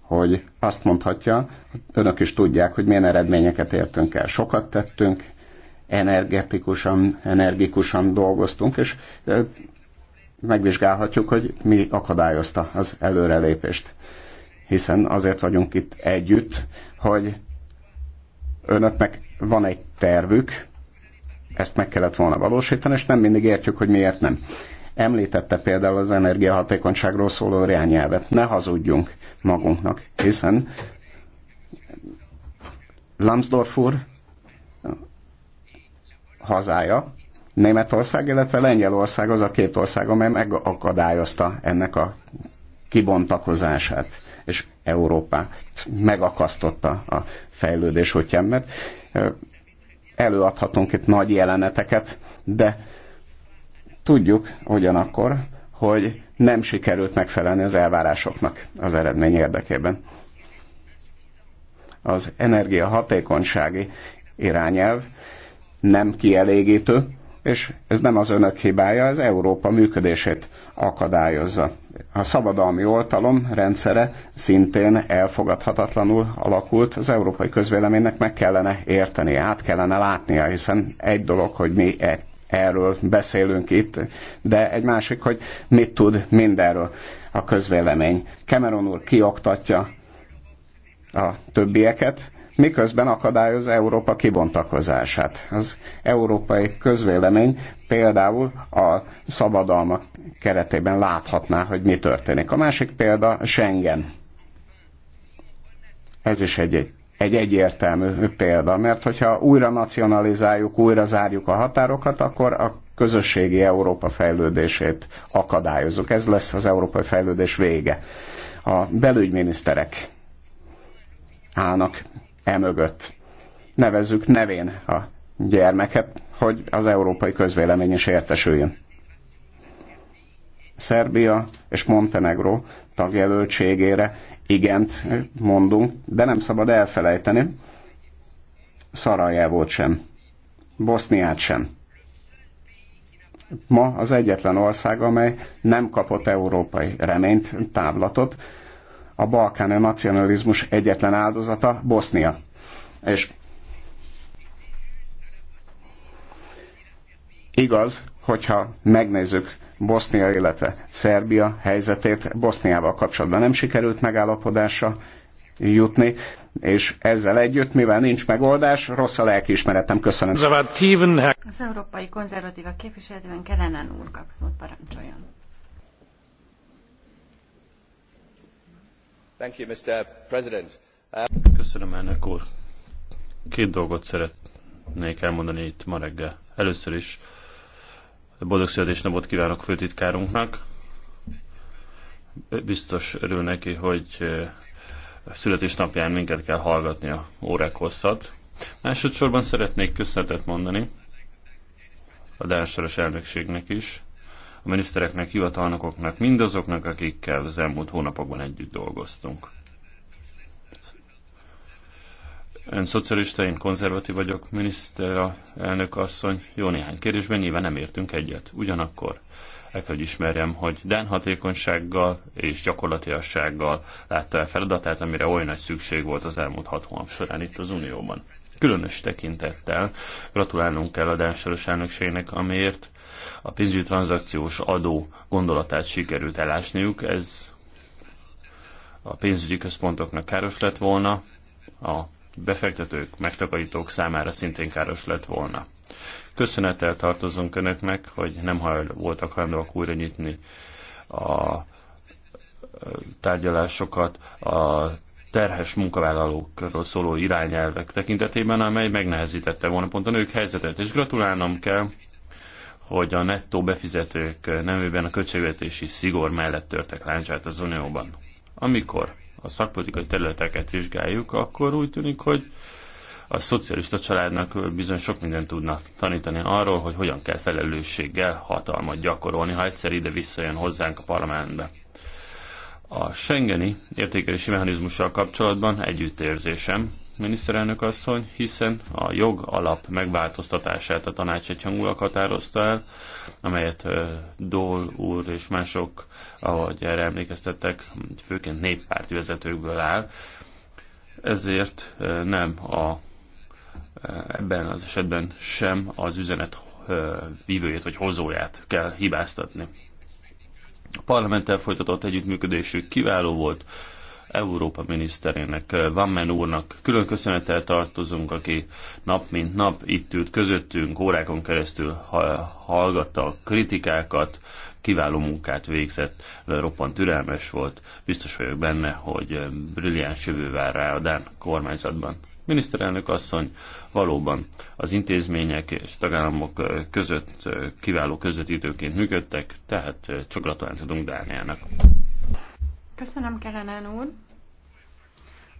hogy azt mondhatja, hogy önök is tudják, hogy milyen eredményeket értünk el. Sokat tettünk, energetikusan, energikusan dolgoztunk, és megvizsgálhatjuk, hogy mi akadályozta az előrelépést. Hiszen azért vagyunk itt együtt, hogy önöknek van egy tervük, ezt meg kellett volna valósítani, és nem mindig értjük, hogy miért nem. Említette például az energiahatékonyságról szóló irányelvet. Ne hazudjunk magunknak, hiszen Lambsdorff úr hazája, Németország, illetve Lengyelország az a két ország, amely megakadályozta ennek a kibontakozását, és Európát megakasztotta a fejlődés útján, mert előadhatunk itt nagy jeleneteket, de tudjuk ugyanakkor, hogy nem sikerült megfelelni az elvárásoknak az eredmény érdekében. Az energiahatékonysági irányelv nem kielégítő, és ez nem az önök hibája, ez Európa működését akadályozza. A szabadalmi oltalom rendszere szintén elfogadhatatlanul alakult, az európai közvéleménynek meg kellene érteni, át kellene látnia, hiszen egy dolog, hogy mi e erről beszélünk itt, de egy másik, hogy mit tud mindenről a közvélemény. Cameron úr kioktatja a többieket, miközben akadályoz Európa kibontakozását. Az európai közvélemény például a szabadalmak keretében láthatná, hogy mi történik. A másik példa Schengen. Ez is egy, egy egy egyértelmű példa, mert hogyha újra nacionalizáljuk, újra zárjuk a határokat, akkor a közösségi Európa fejlődését akadályozunk. Ez lesz az európai fejlődés vége. A belügyminiszterek állnak E mögött. Nevezzük nevén a gyermeket, hogy az európai közvélemény is értesüljön. Szerbia és Montenegro tagjelöltségére igent mondunk, de nem szabad elfelejteni, Szarajevót sem, Boszniát sem. Ma az egyetlen ország, amely nem kapott európai reményt, táblatot, a balkáni nacionalizmus egyetlen áldozata Bosznia. És igaz, hogyha megnézzük Bosznia, illetve Szerbia helyzetét, Boszniával kapcsolatban nem sikerült megállapodásra jutni, és ezzel együtt, mivel nincs megoldás, rossz a lelkiismeretem. Köszönöm. Hát- Az európai konzervatívak képviselőben Kelenen úr kap parancsoljon. úr. Két dolgot szeretnék elmondani itt ma reggel. Először is boldog születésnapot kívánok főtitkárunknak. Biztos örül neki, hogy születésnapján minket kell hallgatnia órák hosszat. Másodszorban szeretnék köszönetet mondani a Dán elnökségnek is, a minisztereknek, hivatalnokoknak, mindazoknak, akikkel az elmúlt hónapokban együtt dolgoztunk. Ön szocialista, én konzervatív vagyok, elnök asszony. Jó néhány kérdésben nyilván nem értünk egyet. Ugyanakkor el kell, hogy ismerjem, hogy Dán hatékonysággal és gyakorlatilassággal látta el feladatát, amire oly nagy szükség volt az elmúlt hat hónap során itt az Unióban. Különös tekintettel gratulálnunk kell a Dán soros elnökségnek, amiért a pénzügyi tranzakciós adó gondolatát sikerült elásniuk. Ez a pénzügyi központoknak káros lett volna, a befektetők, megtakarítók számára szintén káros lett volna. Köszönettel tartozunk Önöknek, hogy nem hajl, voltak hajlandóak újra nyitni a tárgyalásokat a terhes munkavállalókról szóló irányelvek tekintetében, amely megnehezítette volna pont a nők helyzetet. És gratulálnom kell hogy a nettó befizetők nemében a költségvetési szigor mellett törtek láncsát az Unióban. Amikor a szakpolitikai területeket vizsgáljuk, akkor úgy tűnik, hogy a szocialista családnak bizony sok mindent tudna tanítani arról, hogy hogyan kell felelősséggel hatalmat gyakorolni, ha egyszer ide visszajön hozzánk a parlamentbe. A Schengeni értékelési mechanizmussal kapcsolatban együttérzésem, miniszterelnök asszony, hiszen a jog alap megváltoztatását a tanács egyhangulak határozta el, amelyet Dól úr és mások, ahogy erre emlékeztettek, főként néppárti vezetőkből áll. Ezért nem a, ebben az esetben sem az üzenet vívőjét vagy hozóját kell hibáztatni. A parlamenttel folytatott együttműködésük kiváló volt, Európa miniszterének, eh, Vammen úrnak külön köszönettel tartozunk, aki nap mint nap itt ült közöttünk, órákon keresztül hallgatta a kritikákat, kiváló munkát végzett, roppant türelmes volt, biztos vagyok benne, hogy eh, brilliáns jövő vár rá a Dán kormányzatban. Miniszterelnök asszony valóban az intézmények és tagállamok eh, között kiváló közvetítőként működtek, tehát csak gratulálni tudunk Dániának. Köszönöm, Kerenen úr.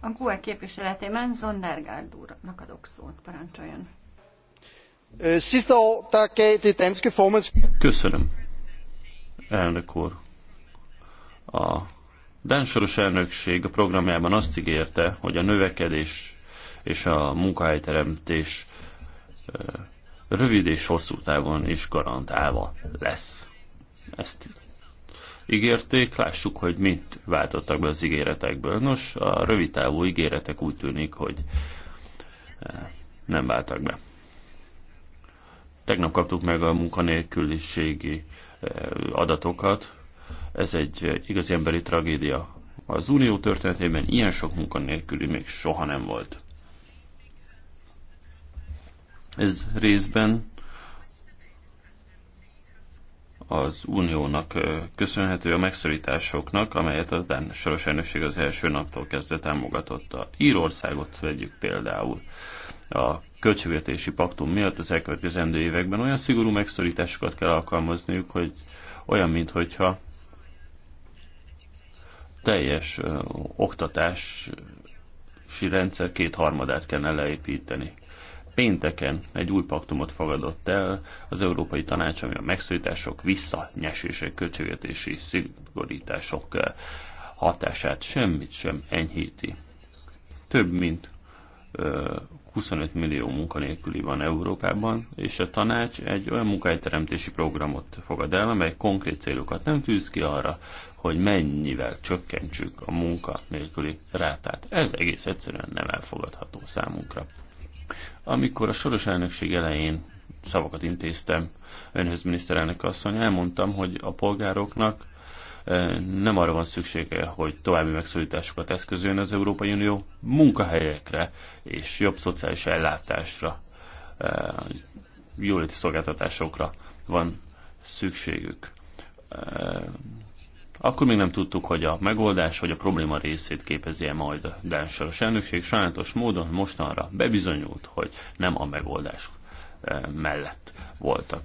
A GUE képviseletében Zondergaard úrnak adok szót. Parancsoljon. Köszönöm, elnök úr. A Densoros elnökség a programjában azt ígérte, hogy a növekedés és a munkahelyteremtés rövid és hosszú távon is garantálva lesz. Ezt ígérték, lássuk, hogy mit váltottak be az ígéretekből. Nos, a rövid távú ígéretek úgy tűnik, hogy eh, nem váltak be. Tegnap kaptuk meg a munkanélküliségi eh, adatokat. Ez egy igazi emberi tragédia. Az unió történetében ilyen sok munkanélküli még soha nem volt. Ez részben az uniónak köszönhető a megszorításoknak, amelyet a Dán soros elnökség az első naptól kezdve A Írországot vegyük például. A költségvetési paktum miatt az elkövetkezendő években olyan szigorú megszorításokat kell alkalmazniuk, hogy olyan, mintha teljes oktatási rendszer kétharmadát kellene leépíteni pénteken egy új paktumot fogadott el az Európai Tanács, ami a megszorítások, visszanyesések, költségvetési szigorítások eh, hatását semmit sem enyhíti. Több mint 25 eh, millió munkanélküli van Európában, és a tanács egy olyan munkahelyteremtési programot fogad el, amely konkrét célokat nem tűz ki arra, hogy mennyivel csökkentsük a munkanélküli rátát. Ez egész egyszerűen nem elfogadható számunkra. Amikor a soros elnökség elején szavakat intéztem önhöz miniszterelnök asszony, elmondtam, hogy a polgároknak eh, nem arra van szüksége, hogy további megszólításokat eszközöljön az Európai Unió munkahelyekre és jobb szociális ellátásra, eh, jóléti szolgáltatásokra van szükségük. Eh, akkor még nem tudtuk, hogy a megoldás vagy a probléma részét képezi-e majd a Dánsoros elnökség. Sajnálatos módon mostanra bebizonyult, hogy nem a megoldás eh, mellett voltak.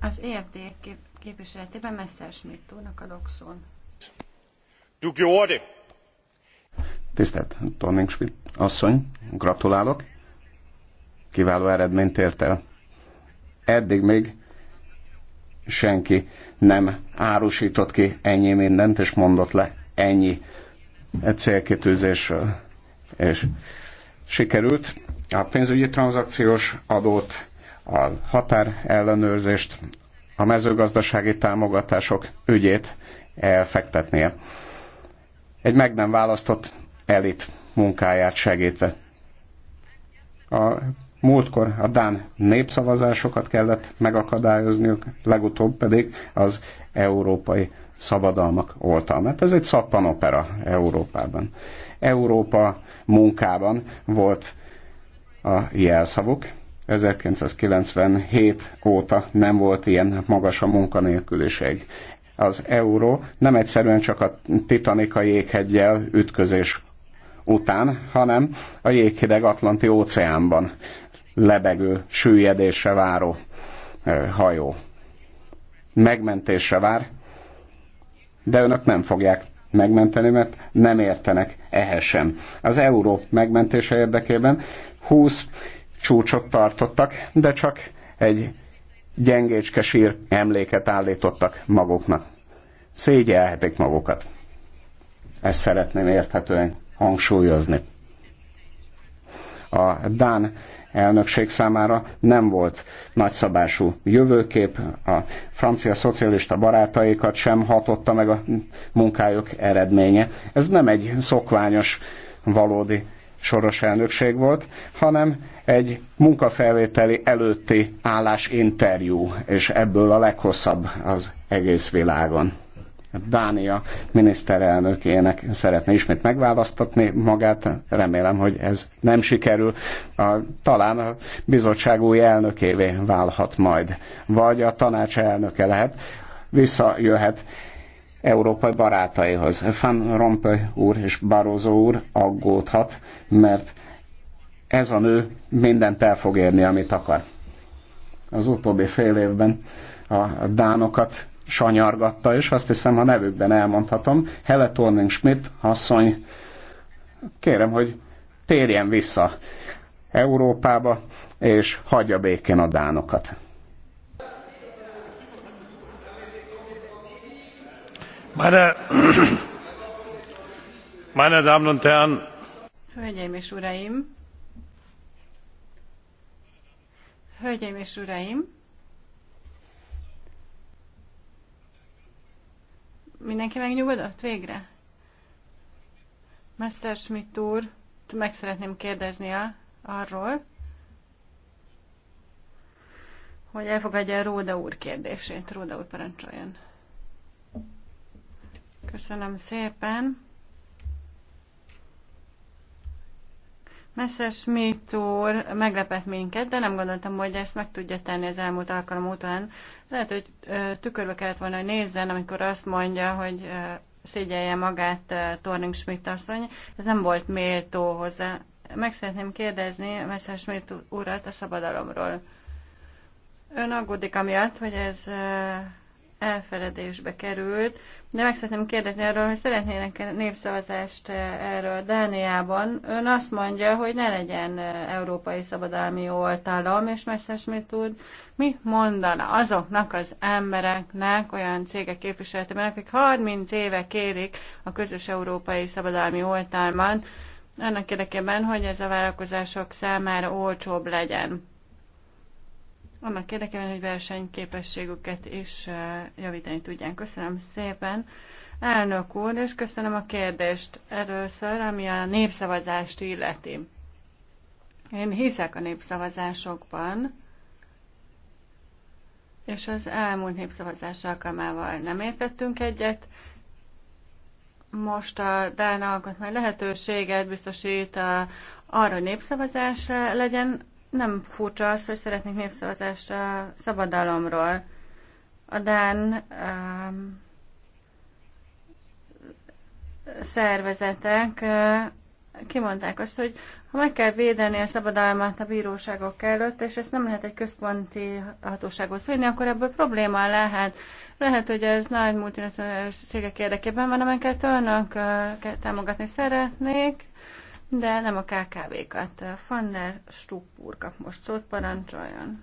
Az EFD kép- képviseletében Messerschmitt úrnak adok szón. Du gjorde Tisztelt Torning Schmidt asszony, gratulálok. Kiváló eredményt ért el. Eddig még senki nem árusított ki ennyi mindent, és mondott le ennyi célkitűzésről. És sikerült a pénzügyi tranzakciós adót, a határellenőrzést a mezőgazdasági támogatások ügyét elfektetnie. Egy meg nem választott elit munkáját segítve. A Múltkor a Dán népszavazásokat kellett megakadályozniuk, legutóbb pedig az európai szabadalmak oltalmát. Ez egy szappanopera Európában. Európa munkában volt a jelszavuk. 1997 óta nem volt ilyen magas a munkanélküliség. Az euró nem egyszerűen csak a titanika jéghegyel ütközés után, hanem a jéghideg Atlanti óceánban lebegő, süllyedésre váró hajó. Megmentésre vár, de önök nem fogják megmenteni, mert nem értenek ehhez sem. Az euró megmentése érdekében 20 csúcsot tartottak, de csak egy gyengécske sír emléket állítottak maguknak. Szégyelhetik magukat. Ezt szeretném érthetően hangsúlyozni. A Dán elnökség számára nem volt nagyszabású jövőkép, a francia szocialista barátaikat sem hatotta meg a munkájuk eredménye. Ez nem egy szokványos, valódi soros elnökség volt, hanem egy munkafelvételi előtti állásinterjú, és ebből a leghosszabb az egész világon. Dánia miniszterelnökének szeretne ismét megválasztatni magát. Remélem, hogy ez nem sikerül. A, talán a bizottság új elnökévé válhat majd, vagy a tanács elnöke lehet, visszajöhet európai barátaihoz. Van Rompuy úr és Barroso úr aggódhat, mert ez a nő mindent el fog érni, amit akar. Az utóbbi fél évben a dánokat sanyargatta, és azt hiszem a nevükben elmondhatom, Hele Thorning Schmidt asszony, kérem, hogy térjen vissza Európába, és hagyja békén a dánokat. Meine, meine Damen und Herren, Hölgyeim és Uraim! Hölgyeim és Uraim! Mindenki megnyugodott végre? Schmidt úr, meg szeretném kérdezni arról, hogy elfogadja a Róda úr kérdését. Róda úr parancsoljon. Köszönöm szépen. Messzes úr meglepett minket, de nem gondoltam, hogy ezt meg tudja tenni az elmúlt alkalom után. Lehet, hogy tükörbe kellett volna, hogy nézzen, amikor azt mondja, hogy szégyelje magát Torning Schmidt asszony. Ez nem volt méltó hozzá. Meg szeretném kérdezni Messzes Schmidt urat a szabadalomról. Ön aggódik amiatt, hogy ez elfeledésbe került, de meg szeretném kérdezni arról, hogy szeretnének népszavazást eh, erről Dániában. Ön azt mondja, hogy ne legyen eh, európai szabadalmi oltalom, és Messerschmitt tud? mi mondana azoknak az embereknek, olyan cégek képviseletében, akik 30 éve kérik a közös európai szabadalmi oltalmat, annak érdekében, hogy ez a vállalkozások számára olcsóbb legyen annak érdekében, hogy versenyképességüket is javítani tudják. Köszönöm szépen, elnök úr, és köszönöm a kérdést először, ami a népszavazást illeti. Én hiszek a népszavazásokban, és az elmúlt népszavazás alkalmával nem értettünk egyet. Most a Dán alkotmány lehetőséget biztosít a, arra, hogy népszavazás legyen, nem furcsa az, hogy szeretnék népszavazást a szabadalomról. A Dán um, szervezetek uh, kimondták azt, hogy ha meg kell védeni a szabadalmat a bíróságok előtt, és ezt nem lehet egy központi hatósághoz vinni, akkor ebből probléma lehet. Lehet, hogy ez nagy multinacionális cégek érdekében van, amiket önök uh, támogatni szeretnék, de nem a KKV-kat. Fanner Stupp úr kap most szót, parancsoljon.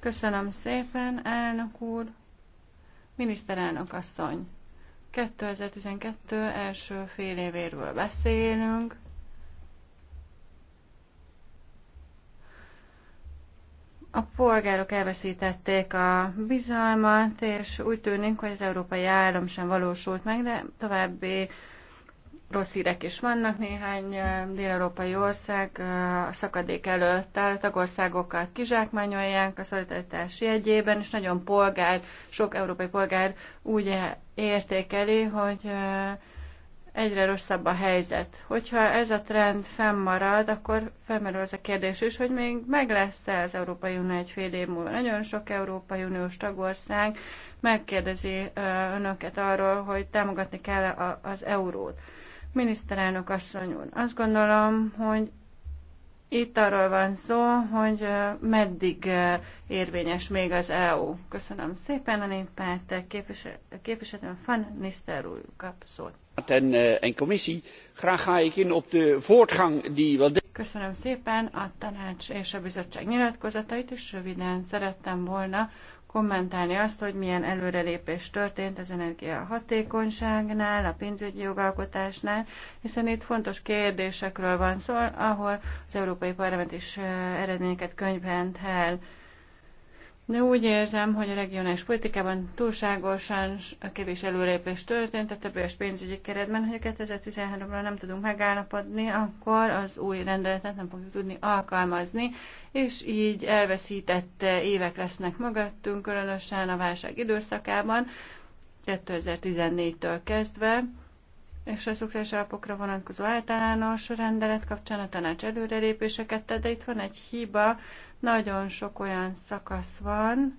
Köszönöm szépen, elnök úr, miniszterelnök asszony. 2012 első fél évéről beszélünk. A polgárok elveszítették a bizalmat, és úgy tűnik, hogy az európai állam sem valósult meg, de további rossz hírek is vannak. Néhány dél-európai ország a szakadék előtt áll, tagországokat kizsákmányolják a szolidaritás jegyében, és nagyon polgár, sok európai polgár úgy értékeli, hogy egyre rosszabb a helyzet. Hogyha ez a trend fennmarad, akkor felmerül az a kérdés is, hogy még meg lesz-e az Európai Unió egy fél év múlva. Nagyon sok Európai Uniós tagország megkérdezi önöket arról, hogy támogatni kell az eurót. Miniszterelnök asszony úr, azt gondolom, hogy itt arról van szó, hogy meddig érvényes még az EU. Köszönöm szépen a néppárt képviselőm, Van Nisztelrúj kap szót. En, en commissie, graag ga ik in op de voortgang die wel... Köszönöm szépen a tanács és a bizottság nyilatkozatait, és röviden szerettem volna kommentálni azt, hogy milyen előrelépés történt az energia hatékonyságnál, a pénzügyi jogalkotásnál, hiszen itt fontos kérdésekről van szó, ahol az Európai Parlament is eh, eredményeket könyvhent el. De úgy érzem, hogy a regionális politikában túlságosan kevés előrépés történt a többéves pénzügyi keretben, hogy a 2013-ra nem tudunk megállapodni, akkor az új rendeletet nem fogjuk tudni alkalmazni, és így elveszített évek lesznek mögöttünk, különösen a válság időszakában, 2014-től kezdve, és a szokás alapokra vonatkozó általános rendelet kapcsán a tanács előrelépéseket tett, de itt van egy hiba, nagyon sok olyan szakasz van,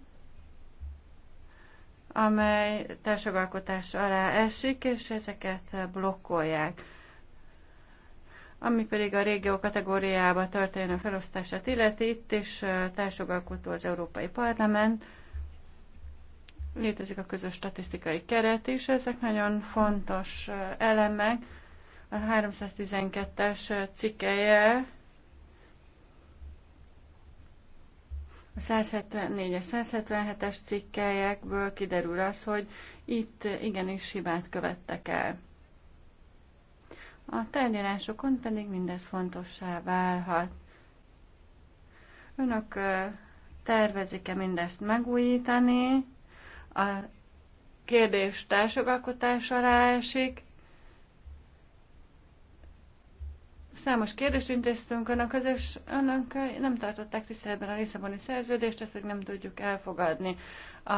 amely társadalkotás alá esik, és ezeket blokkolják. Ami pedig a régió kategóriába történő felosztását illeti, itt is társadalkotó az Európai Parlament, létezik a közös statisztikai keret is, ezek nagyon fontos elemek. A 312-es cikkeje A 174-es, 177-es cikkelyekből kiderül az, hogy itt igenis hibát követtek el. A tárgyalásokon pedig mindez fontossá válhat. Önök tervezik-e mindezt megújítani? A kérdés társadalkotás alá esik, Számos kérdést intéztünk önök, az, önök nem tartották tiszteletben a Lisszaboni szerződést, ezt még nem tudjuk elfogadni. A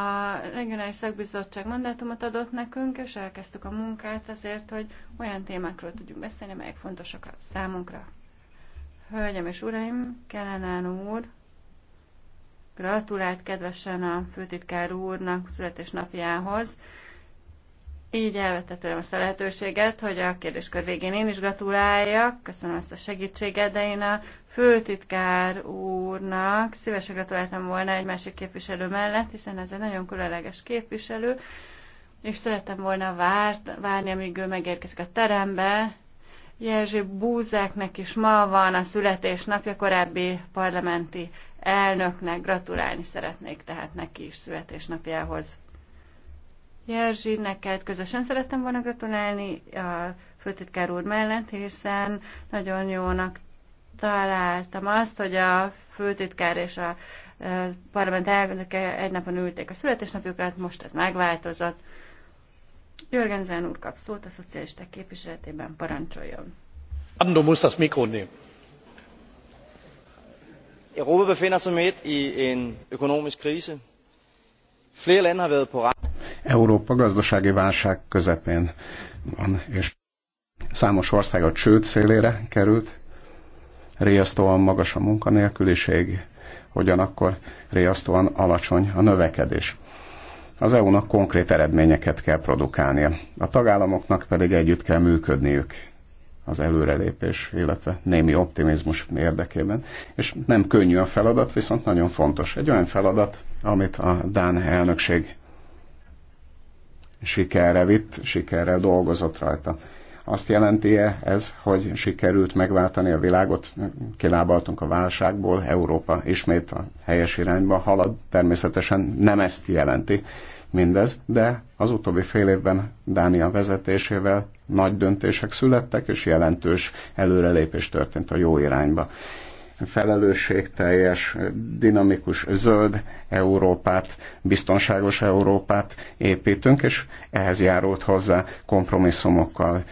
regionális szakbizottság mandátumot adott nekünk, és elkezdtük a munkát azért, hogy olyan témákról tudjuk beszélni, melyek fontosak a számunkra. Hölgyem és uraim, Kelenán úr, gratulált kedvesen a főtitkár úrnak születésnapjához. Így elvette tőlem ezt a lehetőséget, hogy a kérdéskör végén én is gratuláljak. Köszönöm ezt a segítséget, de én a főtitkár úrnak szívesen gratuláltam volna egy másik képviselő mellett, hiszen ez egy nagyon különleges képviselő, és szerettem volna várt, várni, amíg ő megérkezik a terembe. Jerzsi Búzáknek is ma van a születésnapja, korábbi parlamenti elnöknek gratulálni szeretnék tehát neki is születésnapjához. Jerzsi, neked közösen szerettem volna gratulálni a főtitkár úr mellett, hiszen nagyon jónak találtam azt, hogy a főtitkár és a parlament elnöke egy napon ülték a születésnapjukat, most ez megváltozott. Jörgen Zán úr kap szót a szocialisták képviseletében, parancsoljon. Andó muss das Mikro nehmen. Europa befinder sig midt i krise. Európa gazdasági válság közepén van, és számos ország a csőd szélére került, riasztóan magas a munkanélküliség, ugyanakkor riasztóan alacsony a növekedés. Az EU-nak konkrét eredményeket kell produkálnia, a tagállamoknak pedig együtt kell működniük az előrelépés, illetve némi optimizmus érdekében. És nem könnyű a feladat, viszont nagyon fontos. Egy olyan feladat, amit a Dán elnökség sikerre vitt, sikerre dolgozott rajta. Azt jelenti -e ez, hogy sikerült megváltani a világot, kilábaltunk a válságból, Európa ismét a helyes irányba halad, természetesen nem ezt jelenti mindez, de az utóbbi fél évben Dánia vezetésével nagy döntések születtek, és jelentős előrelépés történt a jó irányba. Felelősségteljes, dinamikus, zöld Európát, biztonságos Európát építünk, és ehhez járult hozzá kompromisszumokkal,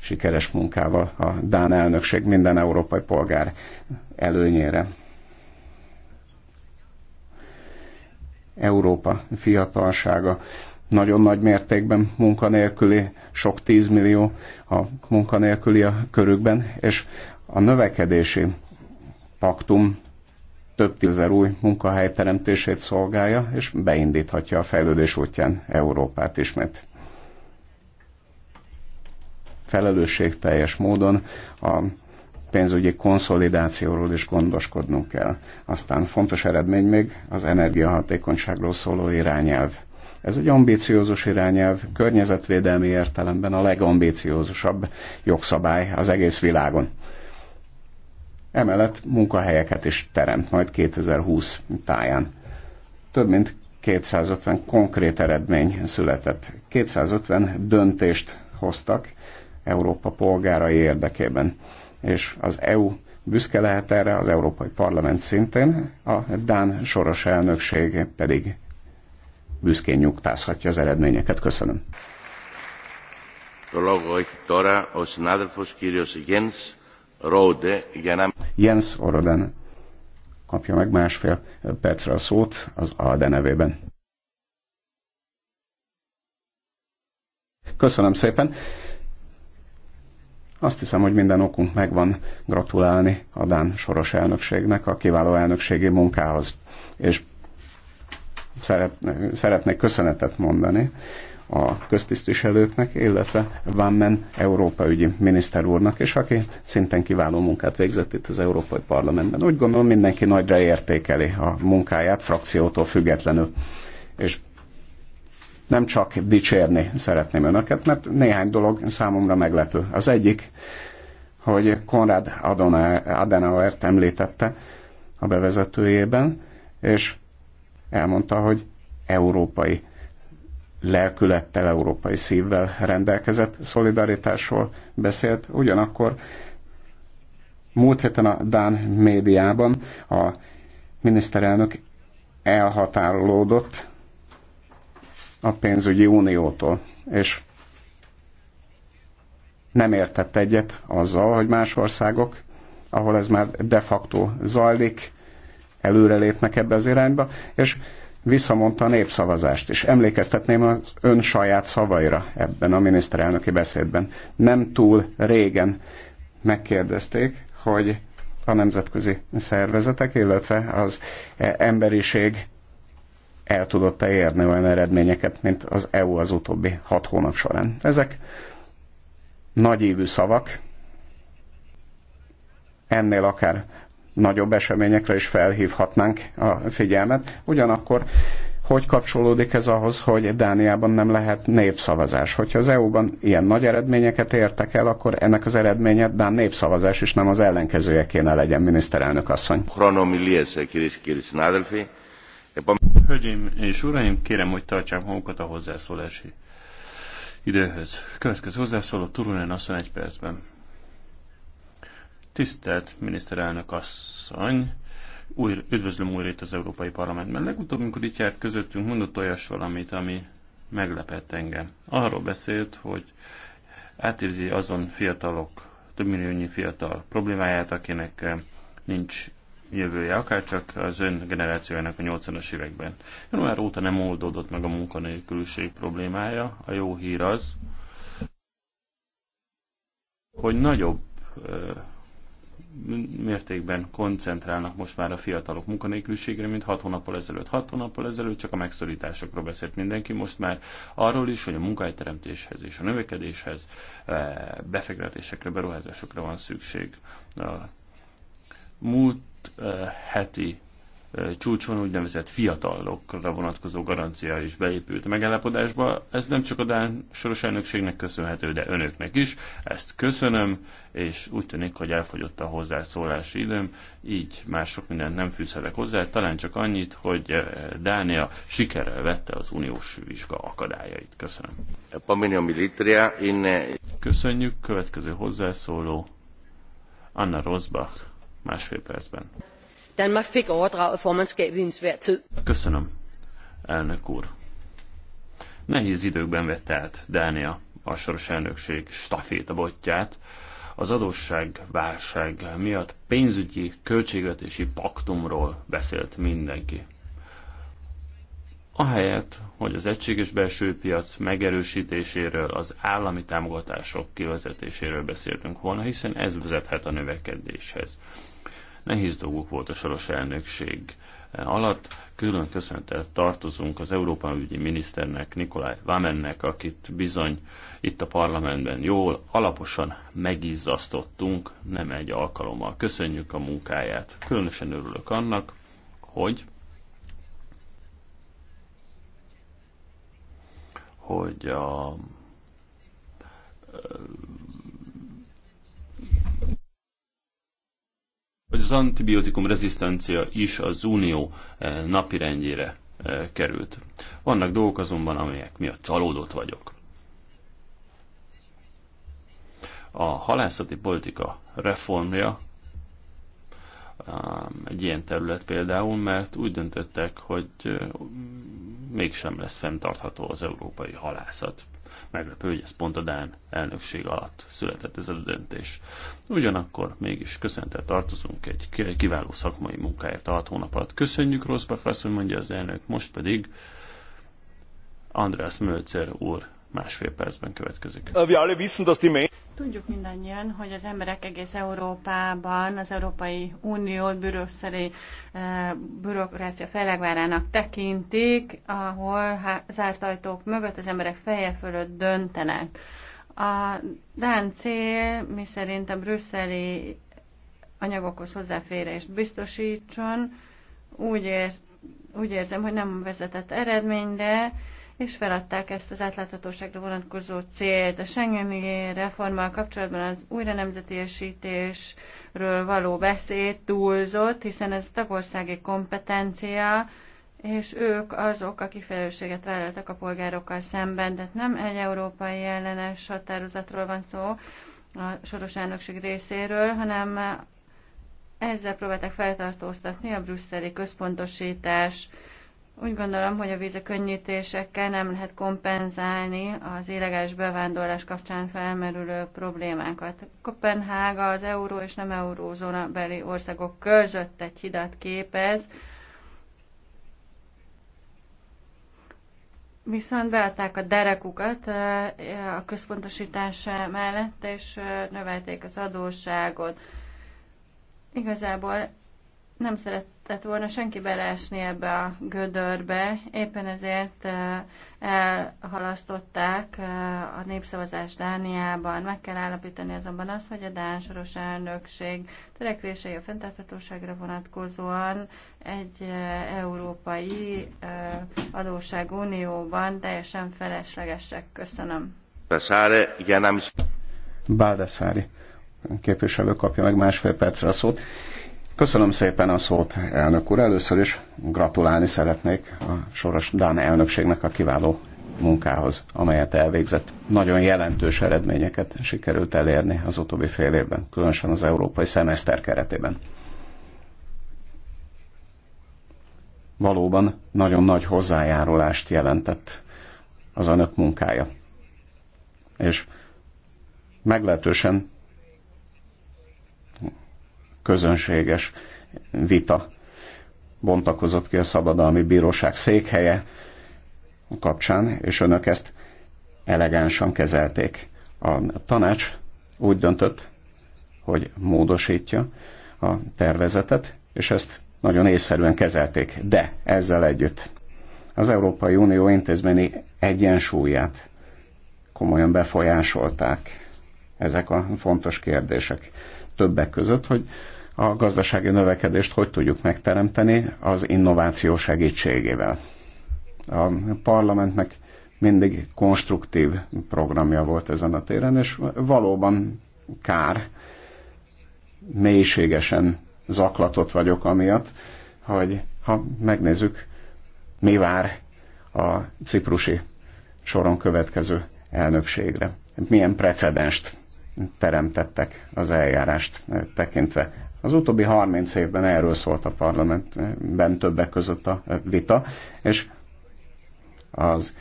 sikeres munkával a Dán elnökség minden európai polgár előnyére. Európa fiatalsága nagyon nagy mértékben munkanélküli, sok tízmillió a munkanélküli a körükben, és a növekedési paktum több tízezer új munkahely teremtését szolgálja, és beindíthatja a fejlődés útján Európát ismét. Felelősségteljes módon a pénzügyi konszolidációról is gondoskodnunk kell. Aztán fontos eredmény még az energiahatékonyságról szóló irányelv. Ez egy ambíciózus irányelv, környezetvédelmi értelemben a legambíciózusabb jogszabály az egész világon. Emellett munkahelyeket is teremt majd 2020 táján. Több mint 250 konkrét eredmény született. 250 döntést hoztak Európa polgárai érdekében és az EU büszke lehet erre, az Európai Parlament szintén, a Dán soros elnökség pedig büszkén nyugtázhatja az eredményeket. Köszönöm. Jens Oroden kapja meg másfél percre a szót az ALDE nevében. Köszönöm szépen. Azt hiszem, hogy minden okunk megvan gratulálni a Dán soros elnökségnek a kiváló elnökségi munkához. És szeretnék köszönetet mondani a köztisztviselőknek, illetve Vámmen Európa ügyi miniszter úrnak, és aki szintén kiváló munkát végzett itt az Európai Parlamentben. Úgy gondolom mindenki nagyra értékeli a munkáját, frakciótól függetlenül. És nem csak dicsérni szeretném önöket, mert néhány dolog számomra meglepő. Az egyik, hogy Konrad Adenauert említette a bevezetőjében, és elmondta, hogy európai lelkülettel, európai szívvel rendelkezett szolidaritásról beszélt. Ugyanakkor múlt héten a Dán médiában a miniszterelnök elhatárolódott a pénzügyi uniótól, és nem értett egyet azzal, hogy más országok, ahol ez már de facto zajlik, előrelépnek ebbe az irányba, és visszamondta a népszavazást, és emlékeztetném az ön saját szavaira ebben a miniszterelnöki beszédben. Nem túl régen megkérdezték, hogy a nemzetközi szervezetek, illetve az emberiség el tudott érni olyan eredményeket, mint az EU az utóbbi hat hónap során. Ezek évű szavak, ennél akár nagyobb eseményekre is felhívhatnánk a figyelmet. Ugyanakkor hogy kapcsolódik ez ahhoz, hogy Dániában nem lehet népszavazás? Hogyha az EU-ban ilyen nagy eredményeket értek el, akkor ennek az eredménye Dán népszavazás, is nem az ellenkezője kéne legyen, miniszterelnök asszony. Hölgyeim és uraim, kérem, hogy tartsák magukat a hozzászólási időhöz. Következő hozzászóló Turunen asszony egy percben. Tisztelt miniszterelnök asszony, új üdvözlöm újra itt az Európai Parlamentben. Legutóbb, amikor itt járt közöttünk, mondott olyas valamit, ami meglepett engem. Arról beszélt, hogy átérzi azon fiatalok, több milliónyi fiatal problémáját, akinek eh, nincs jövője, csak az ön generációjának a 80-as években. Január óta nem oldódott meg a munkanélküliség problémája. A jó hír az, hogy nagyobb mértékben koncentrálnak most már a fiatalok munkanélküliségre, mint 6 hónappal ezelőtt. 6 hónappal ezelőtt csak a megszorításokról beszélt mindenki, most már arról is, hogy a munkahelyteremtéshez és a növekedéshez befektetésekre, beruházásokra van szükség. A múlt heti csúcson úgynevezett fiatalokra vonatkozó garancia is beépült a megállapodásba. Ez nem csak a Dán soros elnökségnek köszönhető, de önöknek is. Ezt köszönöm, és úgy tűnik, hogy elfogyott a hozzászólási időm, így már sok mindent nem fűzhetek hozzá, talán csak annyit, hogy Dánia sikerrel vette az uniós vizsga akadályait. Köszönöm. Köszönjük, következő hozzászóló, Anna Rosbach másfél percben. Danmark fik overdraget formandskabet i en svær tid. Köszönöm, elnök úr. Nehéz időkben vette át Dánia a soros elnökség stafétabotját. Az adósságválság miatt pénzügyi költségvetési paktumról beszélt mindenki. Ahelyett, hogy az egységes belső piac megerősítéséről, az állami támogatások kivezetéséről beszéltünk volna, hiszen ez vezethet a növekedéshez. Nehéz dolguk volt a soros elnökség alatt. Külön köszöntet tartozunk az Európa ügyi miniszternek, Nikolaj Vámennek, akit bizony itt a parlamentben jól, alaposan megizzasztottunk, nem egy alkalommal. Köszönjük a munkáját. Különösen örülök annak, hogy hogy a hogy az antibiotikum rezisztencia is az unió eh, napirendjére eh, került. Vannak dolgok azonban, amelyek miatt csalódott vagyok. A halászati politika reformja egy ilyen terület például, mert úgy döntöttek, hogy eh, mégsem lesz fenntartható az európai halászat. Meglepő, hogy ez pont a Dán elnökség alatt született ez a döntés. Ugyanakkor mégis köszöntel tartozunk egy kiváló szakmai munkáért a hónap alatt. Köszönjük Rosszbach, azt, hogy mondja az elnök, most pedig András Mölcer úr másfél percben következik. Tudjuk mindannyian, hogy az emberek egész Európában az Európai Unió bürösszeli eh, bürokrácia fellegvárának tekintik, ahol zárt ajtók mögött az emberek feje fölött döntenek. A Dán cél, miszerint a brüsszeli anyagokhoz hozzáférést biztosítson, úgy, ér, úgy érzem, hogy nem vezetett eredményre, és feladták ezt az átláthatóságra vonatkozó célt. A Schengeni reformmal kapcsolatban az újra nemzetiesítésről való beszéd túlzott, hiszen ez tagországi kompetencia, és ők azok, akik felelősséget vállaltak a polgárokkal szemben, tehát nem egy európai ellenes határozatról van szó a soros elnökség részéről, hanem ezzel próbálták feltartóztatni a brüsszeli központosítás úgy gondolom, hogy a vízökönnyítésekkel nem lehet kompenzálni az illegális bevándorlás kapcsán felmerülő problémákat. Kopenhága az euró és nem eurózóna beli országok között egy hidat képez, viszont beadták a derekukat a központosítás mellett, és növelték az adósságot. Igazából nem szeretett volna senki beleesni ebbe a gödörbe, éppen ezért eh, elhalasztották eh, a népszavazást Dániában. Meg kell állapítani azonban azt, hogy a Dán soros elnökség törekvései a fenntarthatóságra vonatkozóan egy eh, európai adósságunióban teljesen feleslegesek. Köszönöm. Baldassare, képviselő kapja meg másfél percre a szót. Köszönöm szépen a szót, elnök úr. Először is gratulálni szeretnék a soros Dán elnökségnek a kiváló munkához, amelyet elvégzett. Nagyon jelentős eredményeket sikerült elérni az utóbbi fél évben, különösen az európai szemeszter keretében. Valóban nagyon nagy hozzájárulást jelentett az önök munkája. És meglehetősen közönséges vita bontakozott ki a Szabadalmi Bíróság székhelye kapcsán, és önök ezt elegánsan kezelték. A tanács úgy döntött, hogy módosítja a tervezetet, és ezt nagyon észszerűen kezelték. De ezzel együtt az Európai Unió intézményi egyensúlyát komolyan befolyásolták ezek a fontos kérdések többek között, hogy a gazdasági növekedést hogy tudjuk megteremteni az innováció segítségével. A parlamentnek mindig konstruktív programja volt ezen a téren, és valóban kár, mélységesen zaklatott vagyok amiatt, hogy ha megnézzük, mi vár a ciprusi soron következő elnökségre. Milyen precedenst teremtettek az eljárást eh, tekintve. Az utóbbi 30 évben erről szólt a parlamentben többek között a eh, vita, és az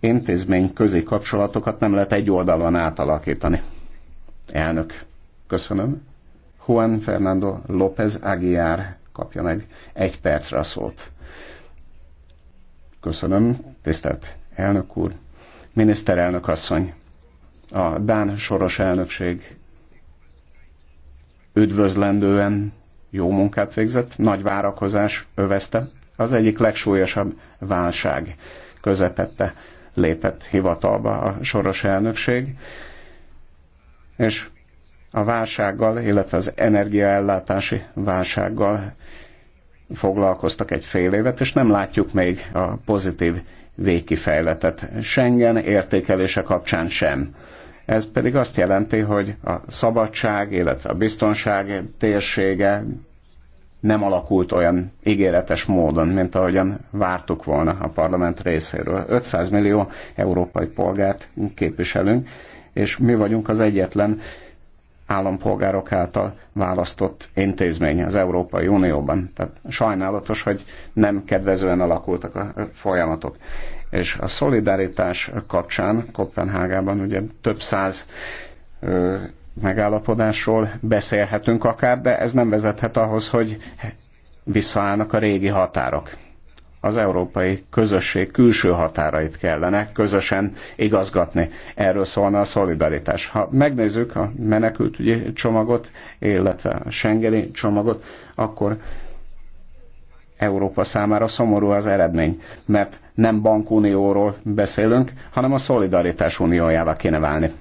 intézmény közé kapcsolatokat nem lehet egy oldalon átalakítani. Elnök, köszönöm. Juan Fernando López Aguiar kapja meg egy percre a szót. Köszönöm, tisztelt elnök úr, miniszterelnök asszony, a Dán soros elnökség üdvözlendően jó munkát végzett, nagy várakozás övezte. Az egyik legsúlyosabb válság közepette lépett hivatalba a soros elnökség, és a válsággal, illetve az energiaellátási válsággal foglalkoztak egy fél évet, és nem látjuk még a pozitív végkifejletet. Schengen értékelése kapcsán sem. Ez pedig azt jelenti, hogy a szabadság, illetve a biztonság térsége nem alakult olyan ígéretes módon, mint ahogyan vártuk volna a parlament részéről. 500 millió európai polgárt képviselünk, és mi vagyunk az egyetlen állampolgárok által választott intézmény az Európai Unióban. Tehát sajnálatos, hogy nem kedvezően alakultak a folyamatok. És a szolidaritás kapcsán Kopenhágában ugye több száz ö, megállapodásról beszélhetünk akár, de ez nem vezethet ahhoz, hogy visszaállnak a régi határok az európai közösség külső határait kellene közösen igazgatni. Erről szólna a szolidaritás. Ha megnézzük a menekültügyi csomagot, illetve a Schengeni csomagot, akkor Európa számára szomorú az eredmény, mert nem bankunióról beszélünk, hanem a szolidaritás uniójával kéne válni.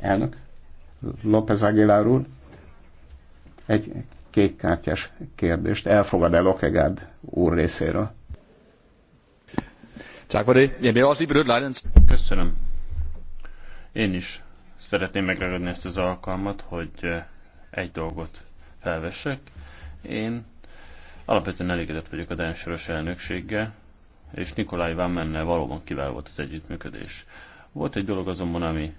Elnök López Aguilar úr, egy kártyás kérdést elfogad el Okegárd úr részéről. Köszönöm. Én is szeretném megragadni ezt az alkalmat, hogy eh, egy dolgot felvessek. Én alapvetően elégedett vagyok a Dán Soros elnökséggel, és Nikolaj Vámmennel valóban kiváló volt az együttműködés. Volt egy dolog azonban, ami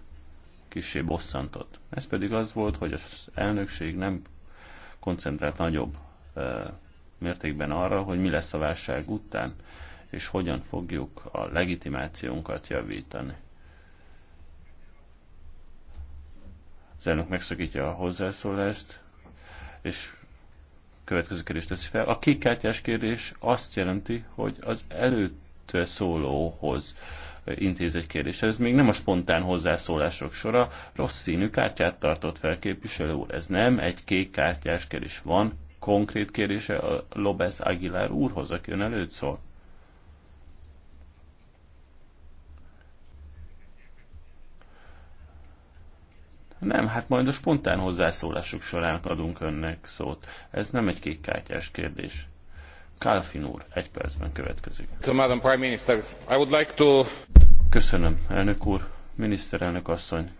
kissé bosszantott. Ez pedig az volt, hogy az elnökség nem koncentrált nagyobb eh, mértékben arra, hogy mi lesz a válság után és hogyan fogjuk a legitimációnkat javítani. Az elnök megszakítja a hozzászólást, és következő kérdést teszi fel. A kékkártyás kérdés azt jelenti, hogy az előtt szólóhoz intéz egy kérdés. Ez még nem a spontán hozzászólások sora. Rossz színű kártyát tartott fel képviselő úr. Ez nem egy kék kártyás kérdés. Van konkrét kérdése a Lobez Aguilar úrhoz, aki ön előtt szól. Nem, hát majd a spontán hozzászólásuk során adunk önnek szót. Ez nem egy kékkártyás kérdés. Kálfin úr, egy percben következik. So, Madam Prime Minister, I would like to... Köszönöm, elnök úr, miniszterelnök asszony.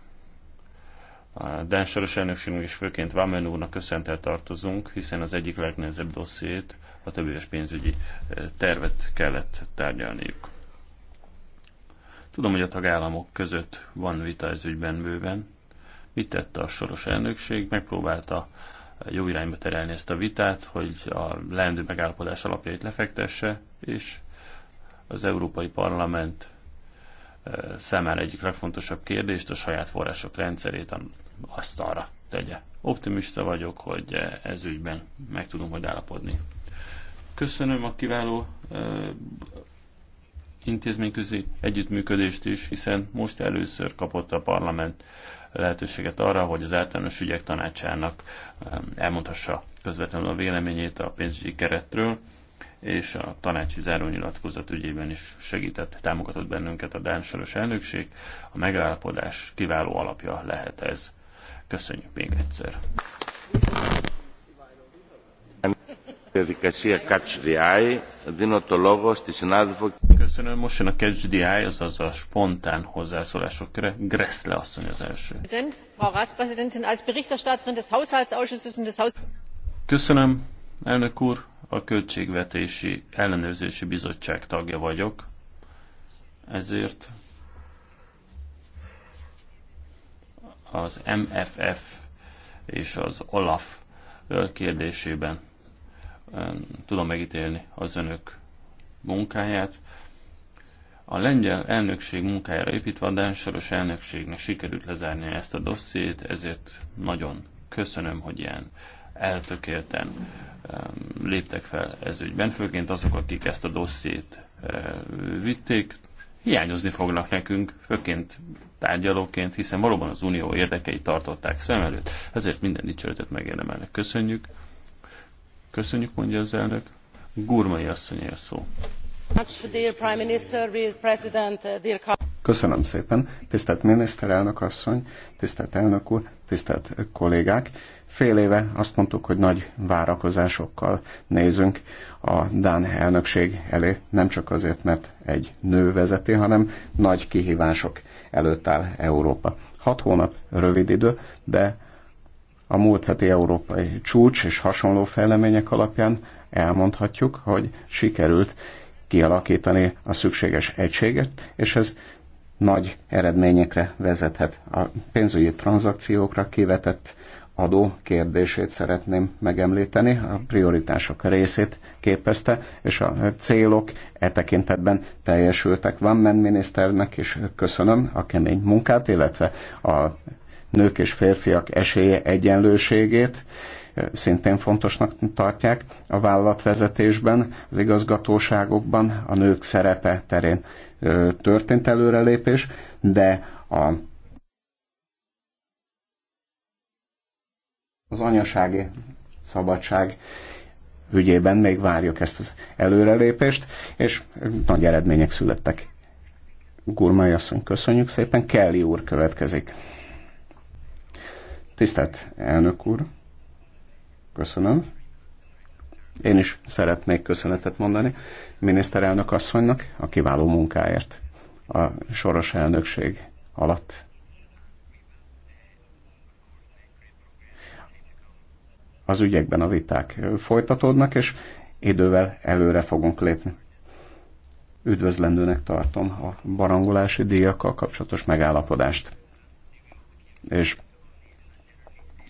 A Dán Soros elnökségünk és főként Vámen úrnak köszöntel tartozunk, hiszen az egyik legnehezebb dossziét, a többéves pénzügyi eh, tervet kellett tárgyalniuk. Tudom, hogy a tagállamok között van vita ez ügyben bőven, Mit tett a soros elnökség? Megpróbálta jó irányba terelni ezt a vitát, hogy a leendő megállapodás alapjait lefektesse, és az Európai Parlament számára egyik legfontosabb kérdést, a saját források rendszerét asztalra tegye. Optimista vagyok, hogy ez ügyben meg tudunk majd állapodni. Köszönöm a kiváló intézményközi együttműködést is, hiszen most először kapott a parlament lehetőséget arra, hogy az általános ügyek tanácsának elmondhassa közvetlenül a véleményét a pénzügyi keretről, és a tanácsi zárónyilatkozat ügyében is segített, támogatott bennünket a Dán elnökség. A megállapodás kiváló alapja lehet ez. Köszönjük még egyszer! διαδικασία Catch Δίνω το λόγο στη συνάδελφο. Köszönöm. Most jön a Catch the azaz a spontán hozzászólások köre. Gressle asszony az első. Köszönöm, elnök úr. A Költségvetési Ellenőrzési Bizottság tagja vagyok. Ezért az MFF és az OLAF kérdésében tudom megítélni az önök munkáját. A lengyel elnökség munkájára építve a Dán Soros elnökségnek sikerült lezárni ezt a dossziét, ezért nagyon köszönöm, hogy ilyen eltökélten léptek fel ez ügyben, főként azok, akik ezt a dossziét eh, vitték, hiányozni fognak nekünk, főként tárgyalóként, hiszen valóban az unió érdekeit tartották szem előtt, ezért minden dicséretet megérdemelnek. Köszönjük! Köszönjük, mondja az elnök. Gurmai asszony a szó. Köszönöm szépen. Tisztelt miniszterelnök asszony, tisztelt elnök úr, tisztelt kollégák. Fél éve azt mondtuk, hogy nagy várakozásokkal nézünk a Dán elnökség elé, nem csak azért, mert egy nő vezeti, hanem nagy kihívások előtt áll Európa. Hat hónap rövid idő, de a múlt heti európai csúcs és hasonló fejlemények alapján elmondhatjuk, hogy sikerült kialakítani a szükséges egységet, és ez nagy eredményekre vezethet. A pénzügyi tranzakciókra kivetett adó kérdését szeretném megemlíteni, a prioritások részét képezte, és a célok e tekintetben teljesültek. Van miniszternek is köszönöm a kemény munkát, illetve a nők és férfiak esélye egyenlőségét szintén fontosnak tartják a vállalatvezetésben, az igazgatóságokban, a nők szerepe terén történt előrelépés, de a az anyasági szabadság ügyében még várjuk ezt az előrelépést, és nagy eredmények születtek. Gurmai asszony, köszönjük szépen. Kelly úr következik. Tisztelt elnök úr, köszönöm. Én is szeretnék köszönetet mondani miniszterelnök asszonynak a kiváló munkáért a soros elnökség alatt. Az ügyekben a viták folytatódnak, és idővel előre fogunk lépni. Üdvözlendőnek tartom a barangolási díjakkal kapcsolatos megállapodást. És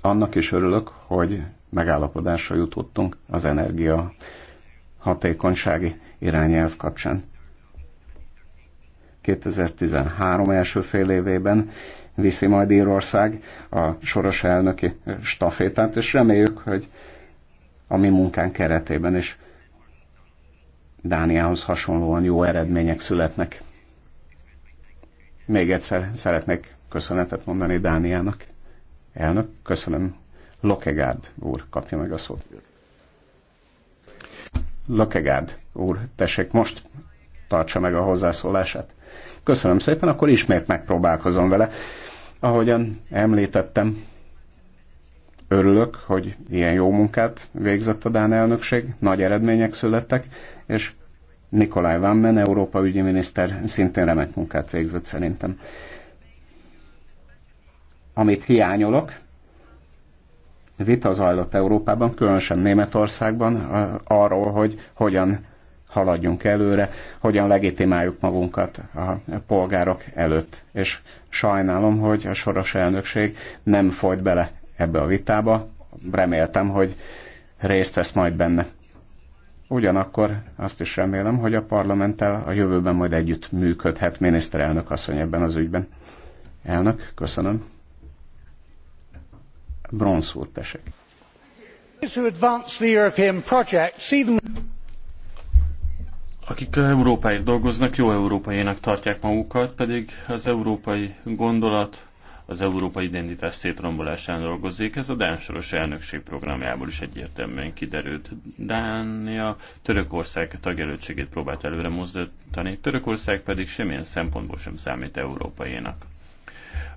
annak is örülök, hogy megállapodásra jutottunk az energia hatékonysági irányelv kapcsán. 2013 első fél évében viszi majd Írország a soros elnöki stafétát, és reméljük, hogy a mi munkánk keretében is Dániához hasonlóan jó eredmények születnek. Még egyszer szeretnék köszönetet mondani Dániának. Elnök, köszönöm. Lokegárd úr kapja meg a szót. Lokegárd úr, tessék, most tartsa meg a hozzászólását. Köszönöm szépen, akkor ismét megpróbálkozom vele. Ahogyan említettem, örülök, hogy ilyen jó munkát végzett a Dán elnökség, nagy eredmények születtek, és Nikolaj Vammen, Európa ügyi miniszter szintén remek munkát végzett szerintem amit hiányolok, vita zajlott Európában, különösen Németországban arról, hogy hogyan haladjunk előre, hogyan legitimáljuk magunkat a polgárok előtt. És sajnálom, hogy a soros elnökség nem folyt bele ebbe a vitába, reméltem, hogy részt vesz majd benne. Ugyanakkor azt is remélem, hogy a parlamenttel a jövőben majd együtt működhet miniszterelnök asszony ebben az ügyben. Elnök, köszönöm. Bronsz úr, tesek. Akik Európáért dolgoznak, jó európaiének tartják magukat, pedig az európai gondolat az európai identitás szétrombolásán dolgozik. Ez a Dán soros elnökség programjából is egyértelműen kiderült. Dánia Törökország tagjelöltségét próbált előre mozdítani, Törökország pedig semmilyen szempontból sem számít európainak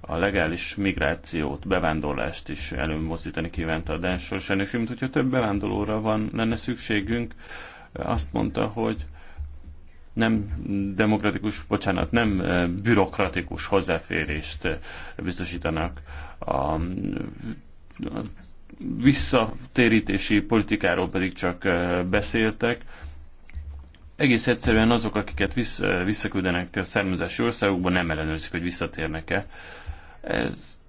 a legális migrációt, bevándorlást is előmozdítani kívánta a Dán Soros elnökség, mint hogyha több bevándorlóra van, lenne szükségünk. Azt mondta, hogy nem demokratikus, bocsánat, nem eh, bürokratikus hozzáférést eh, biztosítanak a visszatérítési politikáról pedig csak eh, beszéltek. Egész egyszerűen azok, akiket visszaküldenek a származási országokba, nem ellenőrzik, hogy visszatérnek-e. Ez,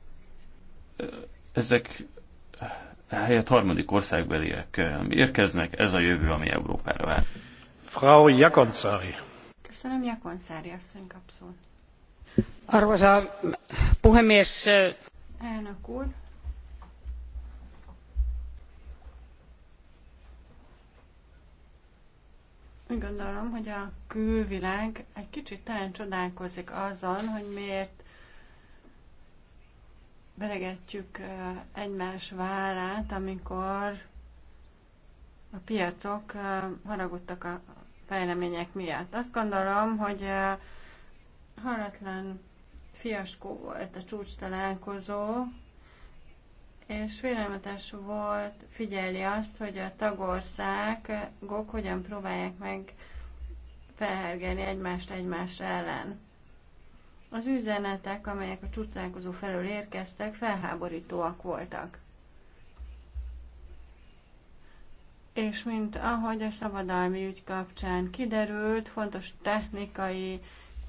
ezek helyett harmadik országbeliek um, érkeznek, ez a jövő, ami Európára vár. Frau Jakonszári. Köszönöm, Jakonszári asszony kapszol. Arvoza, puhemies. Elnök úr. Úgy gondolom, hogy a külvilág egy kicsit talán csodálkozik azon, hogy miért veregetjük egymás vállát, amikor a piacok haragudtak a fejlemények miatt. Azt gondolom, hogy haratlan fiaskó volt a csúcs találkozó, és félelmetes volt figyelni azt, hogy a tagországok hogyan próbálják meg felhergelni egymást egymás ellen. Az üzenetek, amelyek a csúcsálkozó felől érkeztek, felháborítóak voltak. És mint ahogy a szabadalmi ügy kapcsán kiderült, fontos technikai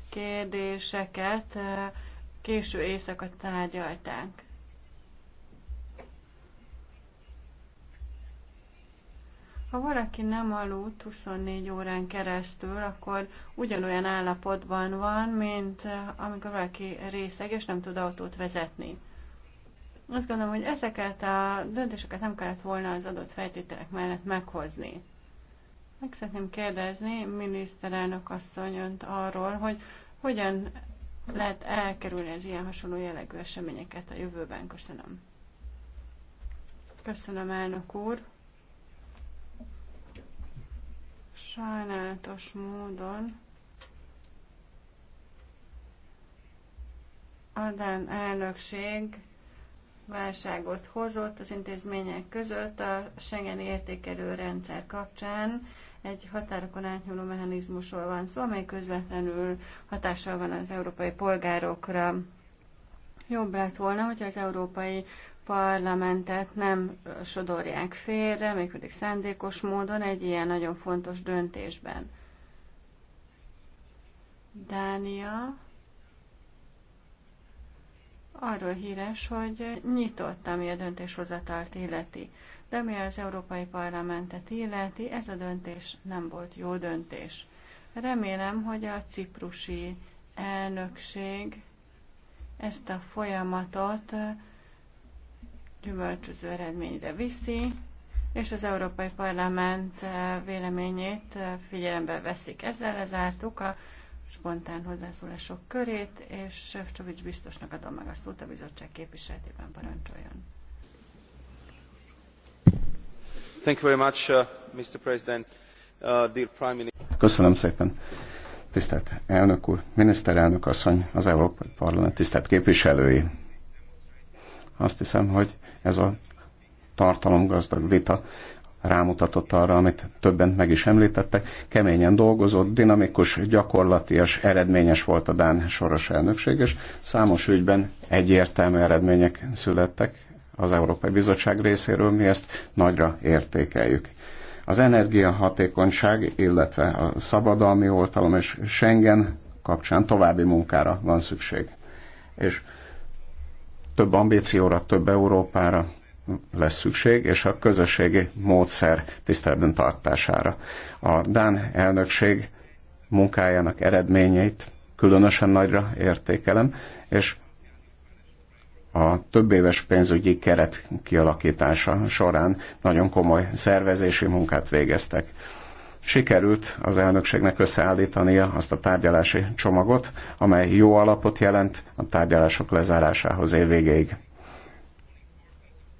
kérdéseket eh, késő éjszaka tárgyalták. Ha valaki nem aludt 24 órán keresztül, akkor ugyanolyan állapotban van, mint eh, amikor valaki részeg és nem tud autót vezetni. Azt gondolom, hogy ezeket a döntéseket nem kellett volna az adott feltételek mellett meghozni. Meg szeretném kérdezni miniszterelnök asszony önt arról, hogy hogyan lehet elkerülni az ilyen hasonló jellegű eseményeket a jövőben. Köszönöm. Köszönöm, elnök úr. Sajnálatos módon Adán elnökség válságot hozott az intézmények között a Schengen értékelő rendszer kapcsán. Egy határokon átnyúló mechanizmusról van szó, amely közvetlenül hatással van az európai polgárokra. Jobb lett volna, hogy az európai parlamentet nem sodorják félre, mégpedig szándékos módon egy ilyen nagyon fontos döntésben. Dánia arról híres, hogy nyitott, ami a döntéshozatalt illeti. De mi az Európai Parlamentet illeti, ez a döntés nem volt jó döntés. Remélem, hogy a ciprusi elnökség ezt a folyamatot gyümölcsöző eredményre viszi, és az Európai Parlament eh, véleményét eh, figyelembe veszik. Ezzel lezártuk a spontán hozzászólások körét, és Sefcsovics biztosnak adom meg a szót a bizottság képviseletében parancsoljon. Thank you very much, uh, Mr. President, uh, dear Prime Minister. Köszönöm szépen. Tisztelt elnök úr, miniszterelnök asszony, az Európai Parlament tisztelt képviselői. Azt hiszem, hogy ez a tartalomgazdag vita rámutatott arra, amit többen meg is említettek. Keményen dolgozott, dinamikus, gyakorlatias, eredményes volt a Dán soros elnökség, és számos ügyben egyértelmű eredmények születtek az Európai Bizottság részéről, mi ezt nagyra értékeljük. Az energiahatékonyság, illetve a szabadalmi oltalom és Schengen kapcsán további munkára van szükség. És több ambícióra, több Európára lesz szükség, és a közösségi módszer tiszteletben tartására. A Dán elnökség munkájának eredményeit különösen nagyra értékelem, és a több éves pénzügyi keret kialakítása során nagyon komoly szervezési munkát végeztek sikerült az elnökségnek összeállítania azt a tárgyalási csomagot, amely jó alapot jelent a tárgyalások lezárásához évvégéig.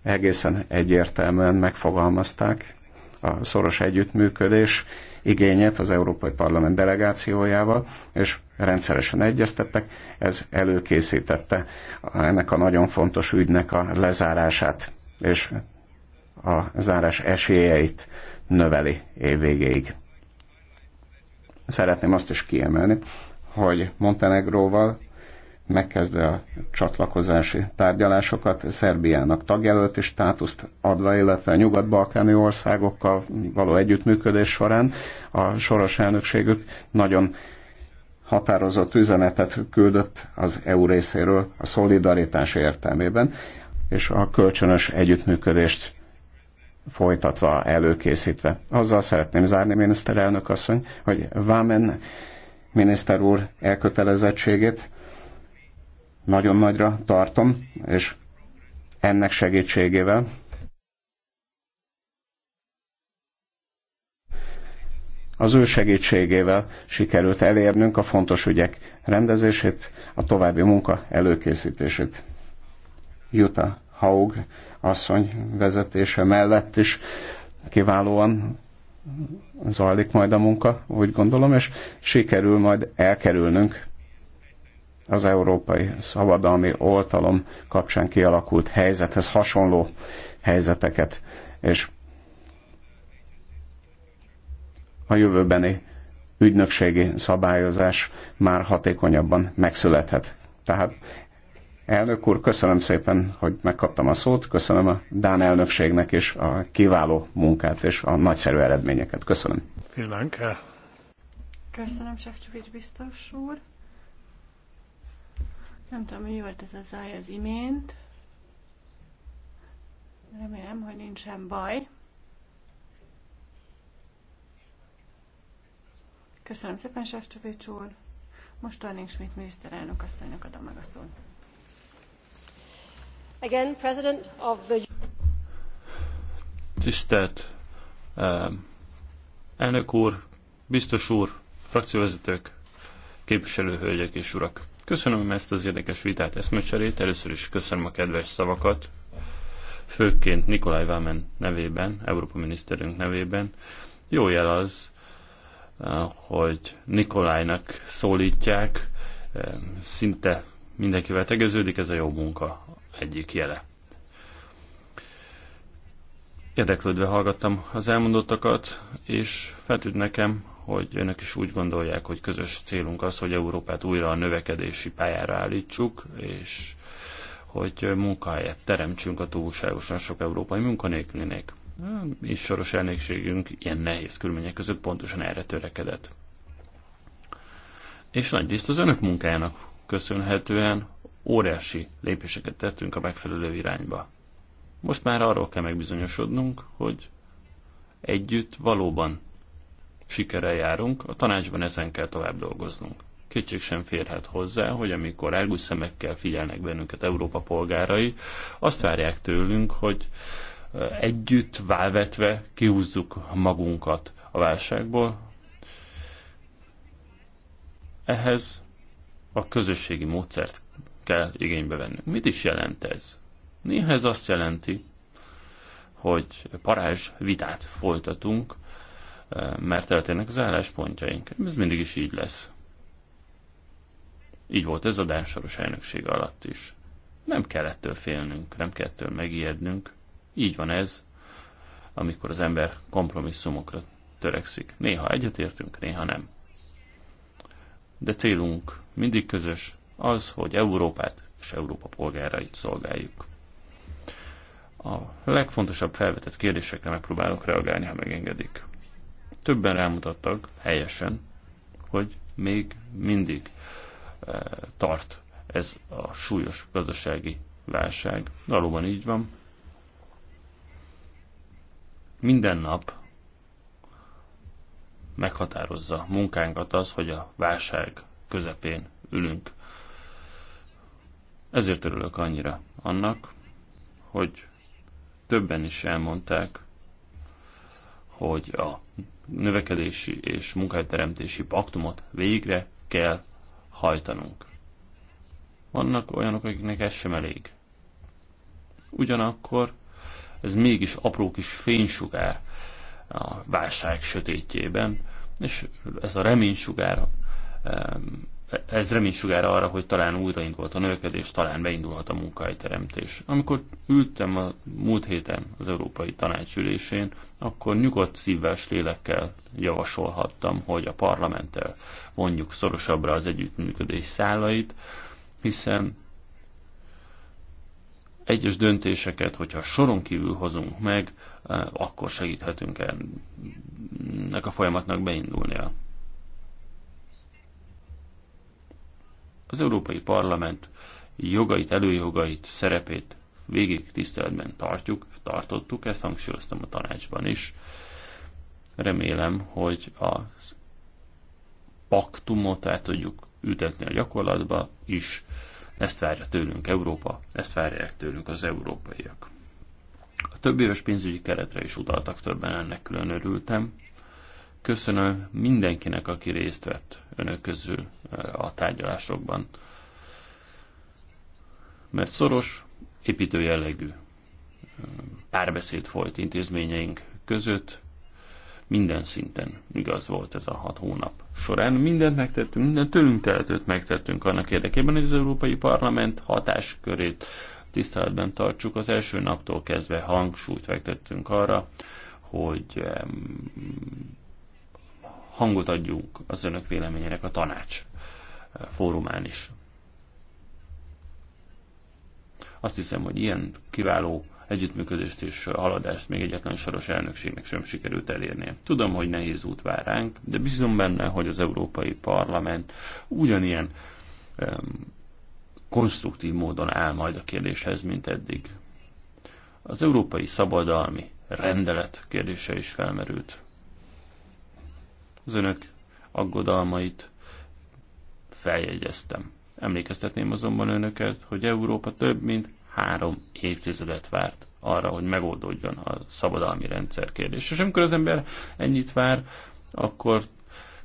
Egészen egyértelműen megfogalmazták a szoros együttműködés igényet az Európai Parlament delegációjával, és rendszeresen egyeztettek, ez előkészítette ennek a nagyon fontos ügynek a lezárását, és a zárás esélyeit növeli évvégéig. Szeretném azt is kiemelni, hogy Montenegróval megkezdve a csatlakozási tárgyalásokat, Szerbiának tagjelölti státuszt adva, illetve a nyugat-balkáni országokkal való együttműködés során a soros elnökségük nagyon határozott üzenetet küldött az EU részéről a szolidaritás értelmében, és a kölcsönös együttműködést folytatva, előkészítve. Azzal szeretném zárni, miniszterelnök asszony, hogy Vámen miniszter úr elkötelezettségét nagyon nagyra tartom, és ennek segítségével az ő segítségével sikerült elérnünk a fontos ügyek rendezését, a további munka előkészítését. Jutta Haug asszony vezetése mellett is kiválóan zajlik majd a munka, úgy gondolom, és sikerül majd elkerülnünk az európai szabadalmi oltalom kapcsán kialakult helyzethez hasonló helyzeteket, és a jövőbeni ügynökségi szabályozás már hatékonyabban megszülethet. Tehát Elnök úr, köszönöm szépen, hogy megkaptam a szót, köszönöm a Dán elnökségnek is a kiváló munkát és a nagyszerű eredményeket. Köszönöm. Köszönöm, Sefcsovics biztos úr. Nem tudom, mi volt ez a zaj az imént. Remélem, hogy nincsen baj. Köszönöm szépen, Sefcsovics úr. Most Arning Schmidt miniszterelnök asszonynak adom meg a szót. Tisztelt uh, elnök úr, biztos úr, frakcióvezetők, képviselőhölgyek és urak! Köszönöm ezt az érdekes vitát, eszmecserét. Először is köszönöm a kedves szavakat, főként Nikolaj Vámen nevében, Európa miniszterünk nevében. Jó jel az, uh, hogy Nikolajnak szólítják, um, szinte mindenkivel tegeződik, ez a jó munka egyik jele. Érdeklődve hallgattam az elmondottakat, és feltűnt nekem, hogy önök is úgy gondolják, hogy közös célunk az, hogy Európát újra a növekedési pályára állítsuk, és hogy munkahelyet teremtsünk a túlságosan sok európai munkanélkülinek. És soros elnökségünk ilyen nehéz körülmények között pontosan erre törekedett. És nagy részt az önök munkájának köszönhetően óriási lépéseket tettünk a megfelelő irányba. Most már arról kell megbizonyosodnunk, hogy együtt valóban sikerrel járunk, a tanácsban ezen kell tovább dolgoznunk. Kétség sem férhet hozzá, hogy amikor elgúj szemekkel figyelnek bennünket Európa polgárai, azt várják tőlünk, hogy együtt, válvetve kihúzzuk magunkat a válságból. Ehhez a közösségi módszert kell igénybe vennünk. Mit is jelent ez? Néha ez azt jelenti, hogy parázs vitát folytatunk, eh, mert eltérnek az álláspontjaink. Ez mindig is így lesz. Így volt ez a dánsoros elnökség alatt is. Nem kell ettől félnünk, nem kell ettől megijednünk. Így van ez, amikor az ember kompromisszumokra törekszik. Néha egyetértünk, néha nem. De célunk mindig közös, az, hogy Európát és Európa polgárait szolgáljuk. A legfontosabb felvetett kérdésekre megpróbálok reagálni, ha megengedik. Többen rámutattak, helyesen, hogy még mindig e, tart ez a súlyos gazdasági válság. Valóban így van. Minden nap meghatározza munkánkat az, hogy a válság közepén ülünk. Ezért örülök annyira annak, hogy többen is elmondták, hogy a növekedési és munkahelyteremtési paktumot végre kell hajtanunk. Vannak olyanok, akiknek ez sem elég. Ugyanakkor ez mégis apró kis fénysugár a válság sötétjében, és ez a reménysugár ez reménysugára arra, hogy talán újraindult a növekedés, talán beindulhat a munkahelyteremtés. Amikor ültem a múlt héten az Európai Tanácsülésén, akkor nyugodt és lélekkel javasolhattam, hogy a parlamenttel vonjuk szorosabbra az együttműködés szálait, hiszen egyes döntéseket, hogyha soron kívül hozunk meg, eh, akkor segíthetünk ennek a folyamatnak beindulnia. az Európai Parlament jogait, előjogait, szerepét végig tiszteletben tartjuk, tartottuk, ezt hangsúlyoztam a tanácsban is. Remélem, hogy a paktumot el tudjuk ütetni a gyakorlatba is. Ezt várja tőlünk Európa, ezt várják tőlünk az európaiak. A több éves pénzügyi keretre is utaltak többen, ennek külön örültem. Köszönöm mindenkinek, aki részt vett önök közül eh, a tárgyalásokban. Mert szoros, építő jellegű eh, párbeszéd folyt intézményeink között, minden szinten igaz volt ez a hat hónap során. Mindent megtettünk, minden tőlünk tehetőt megtettünk annak érdekében, hogy az Európai Parlament hatáskörét tiszteletben tartsuk. Az első naptól kezdve hangsúlyt fektettünk arra, hogy hangot adjunk az önök véleményének a tanács eh, fórumán is. Azt hiszem, hogy ilyen kiváló együttműködést és haladást még egyetlen soros elnökségnek sem sikerült elérnie. Tudom, hogy nehéz út vár ránk, de bízom benne, hogy az Európai Parlament ugyanilyen um, konstruktív módon áll majd a kérdéshez, mint eddig. Az európai szabadalmi rendelet kérdése is felmerült. Az önök aggodalmait feljegyeztem. Emlékeztetném azonban önöket, hogy Európa több mint három évtizedet várt arra, hogy megoldódjon a szabadalmi rendszer kérdés. És amikor az ember ennyit vár, akkor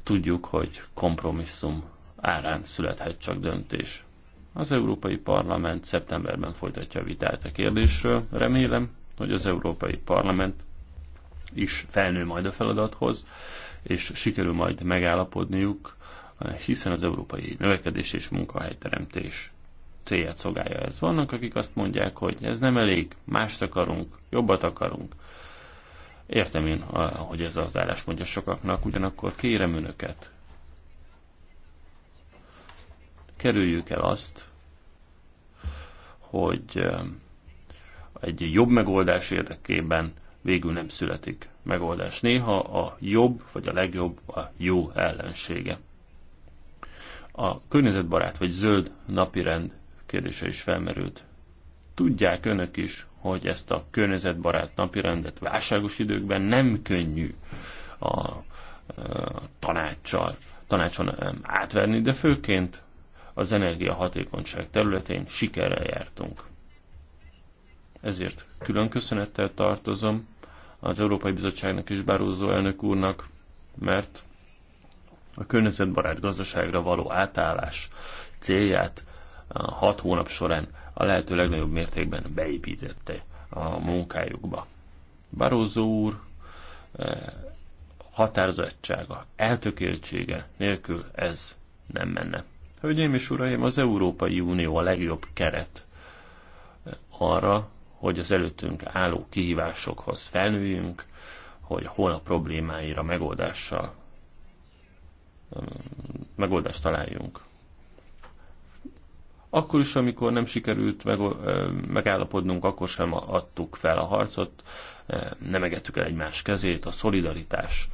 tudjuk, hogy kompromisszum árán születhet csak döntés. Az Európai Parlament szeptemberben folytatja a vitát a kérdésről. Remélem, hogy az Európai Parlament is felnő majd a feladathoz, és sikerül majd megállapodniuk, hiszen az európai növekedés és munkahelyteremtés célját szolgálja ez. Vannak, akik azt mondják, hogy ez nem elég, mást akarunk, jobbat akarunk. Értem én, hogy ez az mondja sokaknak, ugyanakkor kérem önöket, kerüljük el azt, hogy um, egy jobb megoldás érdekében végül nem születik megoldás. Néha a jobb vagy a legjobb a jó ellensége. A környezetbarát vagy zöld napirend kérdése is felmerült. Tudják önök is, hogy ezt a környezetbarát napirendet válságos időkben nem könnyű a, a tanácssal, tanácson átverni, de főként az energiahatékonyság területén sikerrel jártunk. Ezért külön köszönettel tartozom az Európai Bizottságnak és Bárózó elnök úrnak, mert a környezetbarát gazdaságra való átállás célját a hat hónap során a lehető legnagyobb mértékben beépítette a munkájukba. Barózó úr eh, határozottsága, eltökéltsége nélkül ez nem menne. Hölgyeim és uraim, az Európai Unió a legjobb keret arra, hogy az előttünk álló kihívásokhoz felnőjünk, hogy hol a problémáira megoldással um, megoldást találjunk. Akkor is, amikor nem sikerült meg, megállapodnunk, akkor sem adtuk fel a harcot, nem egettük el egymás kezét, a szolidaritás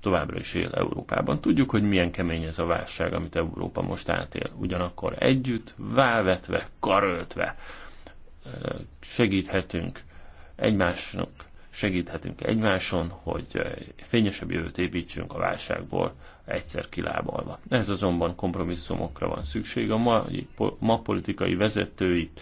továbbra is él Európában. Tudjuk, hogy milyen kemény ez a válság, amit Európa most átél. Ugyanakkor együtt, válvetve, karöltve segíthetünk egymásnak, segíthetünk egymáson, hogy fényesebb jövőt építsünk a válságból egyszer kilábalva. Ez azonban kompromisszumokra van szükség. A ma, ma politikai vezetőit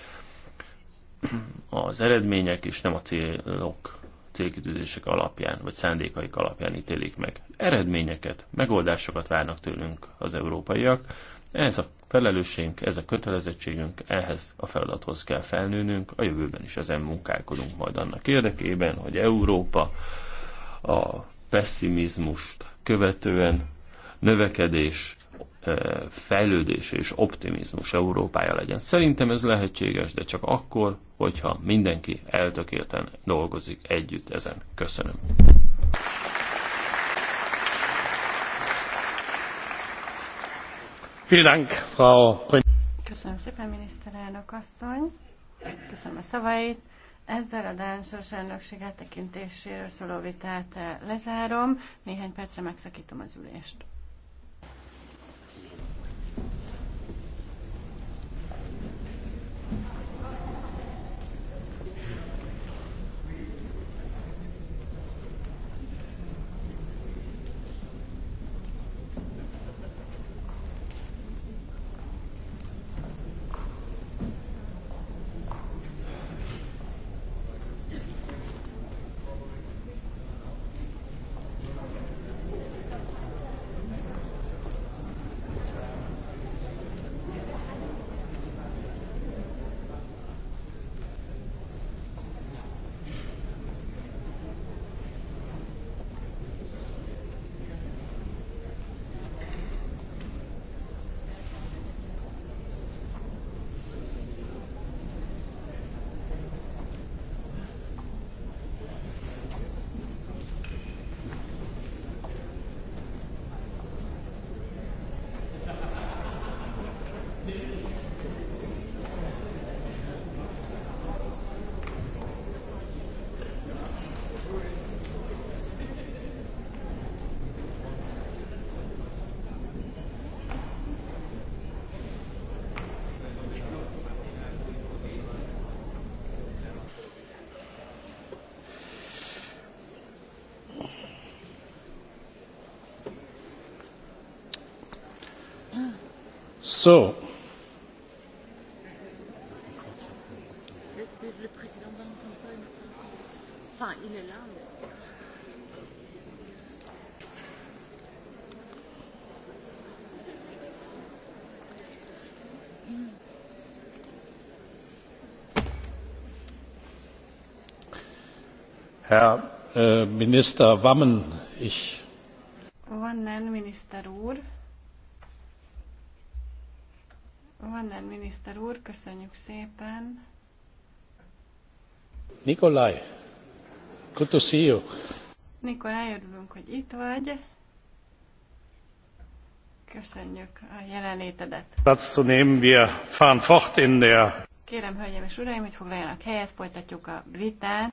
az eredmények és nem a célok, célkitűzések alapján, vagy szándékaik alapján ítélik meg. Eredményeket, megoldásokat várnak tőlünk az európaiak, ez a felelősségünk, ez a kötelezettségünk, ehhez a feladathoz kell felnőnünk, a jövőben is ezen munkálkodunk majd annak érdekében, hogy Európa a pessimizmust követően növekedés, fejlődés és optimizmus Európája legyen. Szerintem ez lehetséges, de csak akkor, hogyha mindenki eltökélten dolgozik együtt ezen. Köszönöm. Köszönöm szépen, miniszterelnök asszony. Köszönöm a szavait. Ezzel a Dán Soros elnökség áttekintéséről szóló vitát eh, lezárom. Néhány percre megszaktom az ülést. So. Herr äh, Minister Wammen, ich Nikolaj, good to see you. Nikolaj, örülünk, hogy itt vagy. Köszönjük a jelenlétedet. Platz zu nehmen, wir fahren fort in der Kérem, hölgyeim és uraim, hogy foglaljanak helyet, folytatjuk a vitát.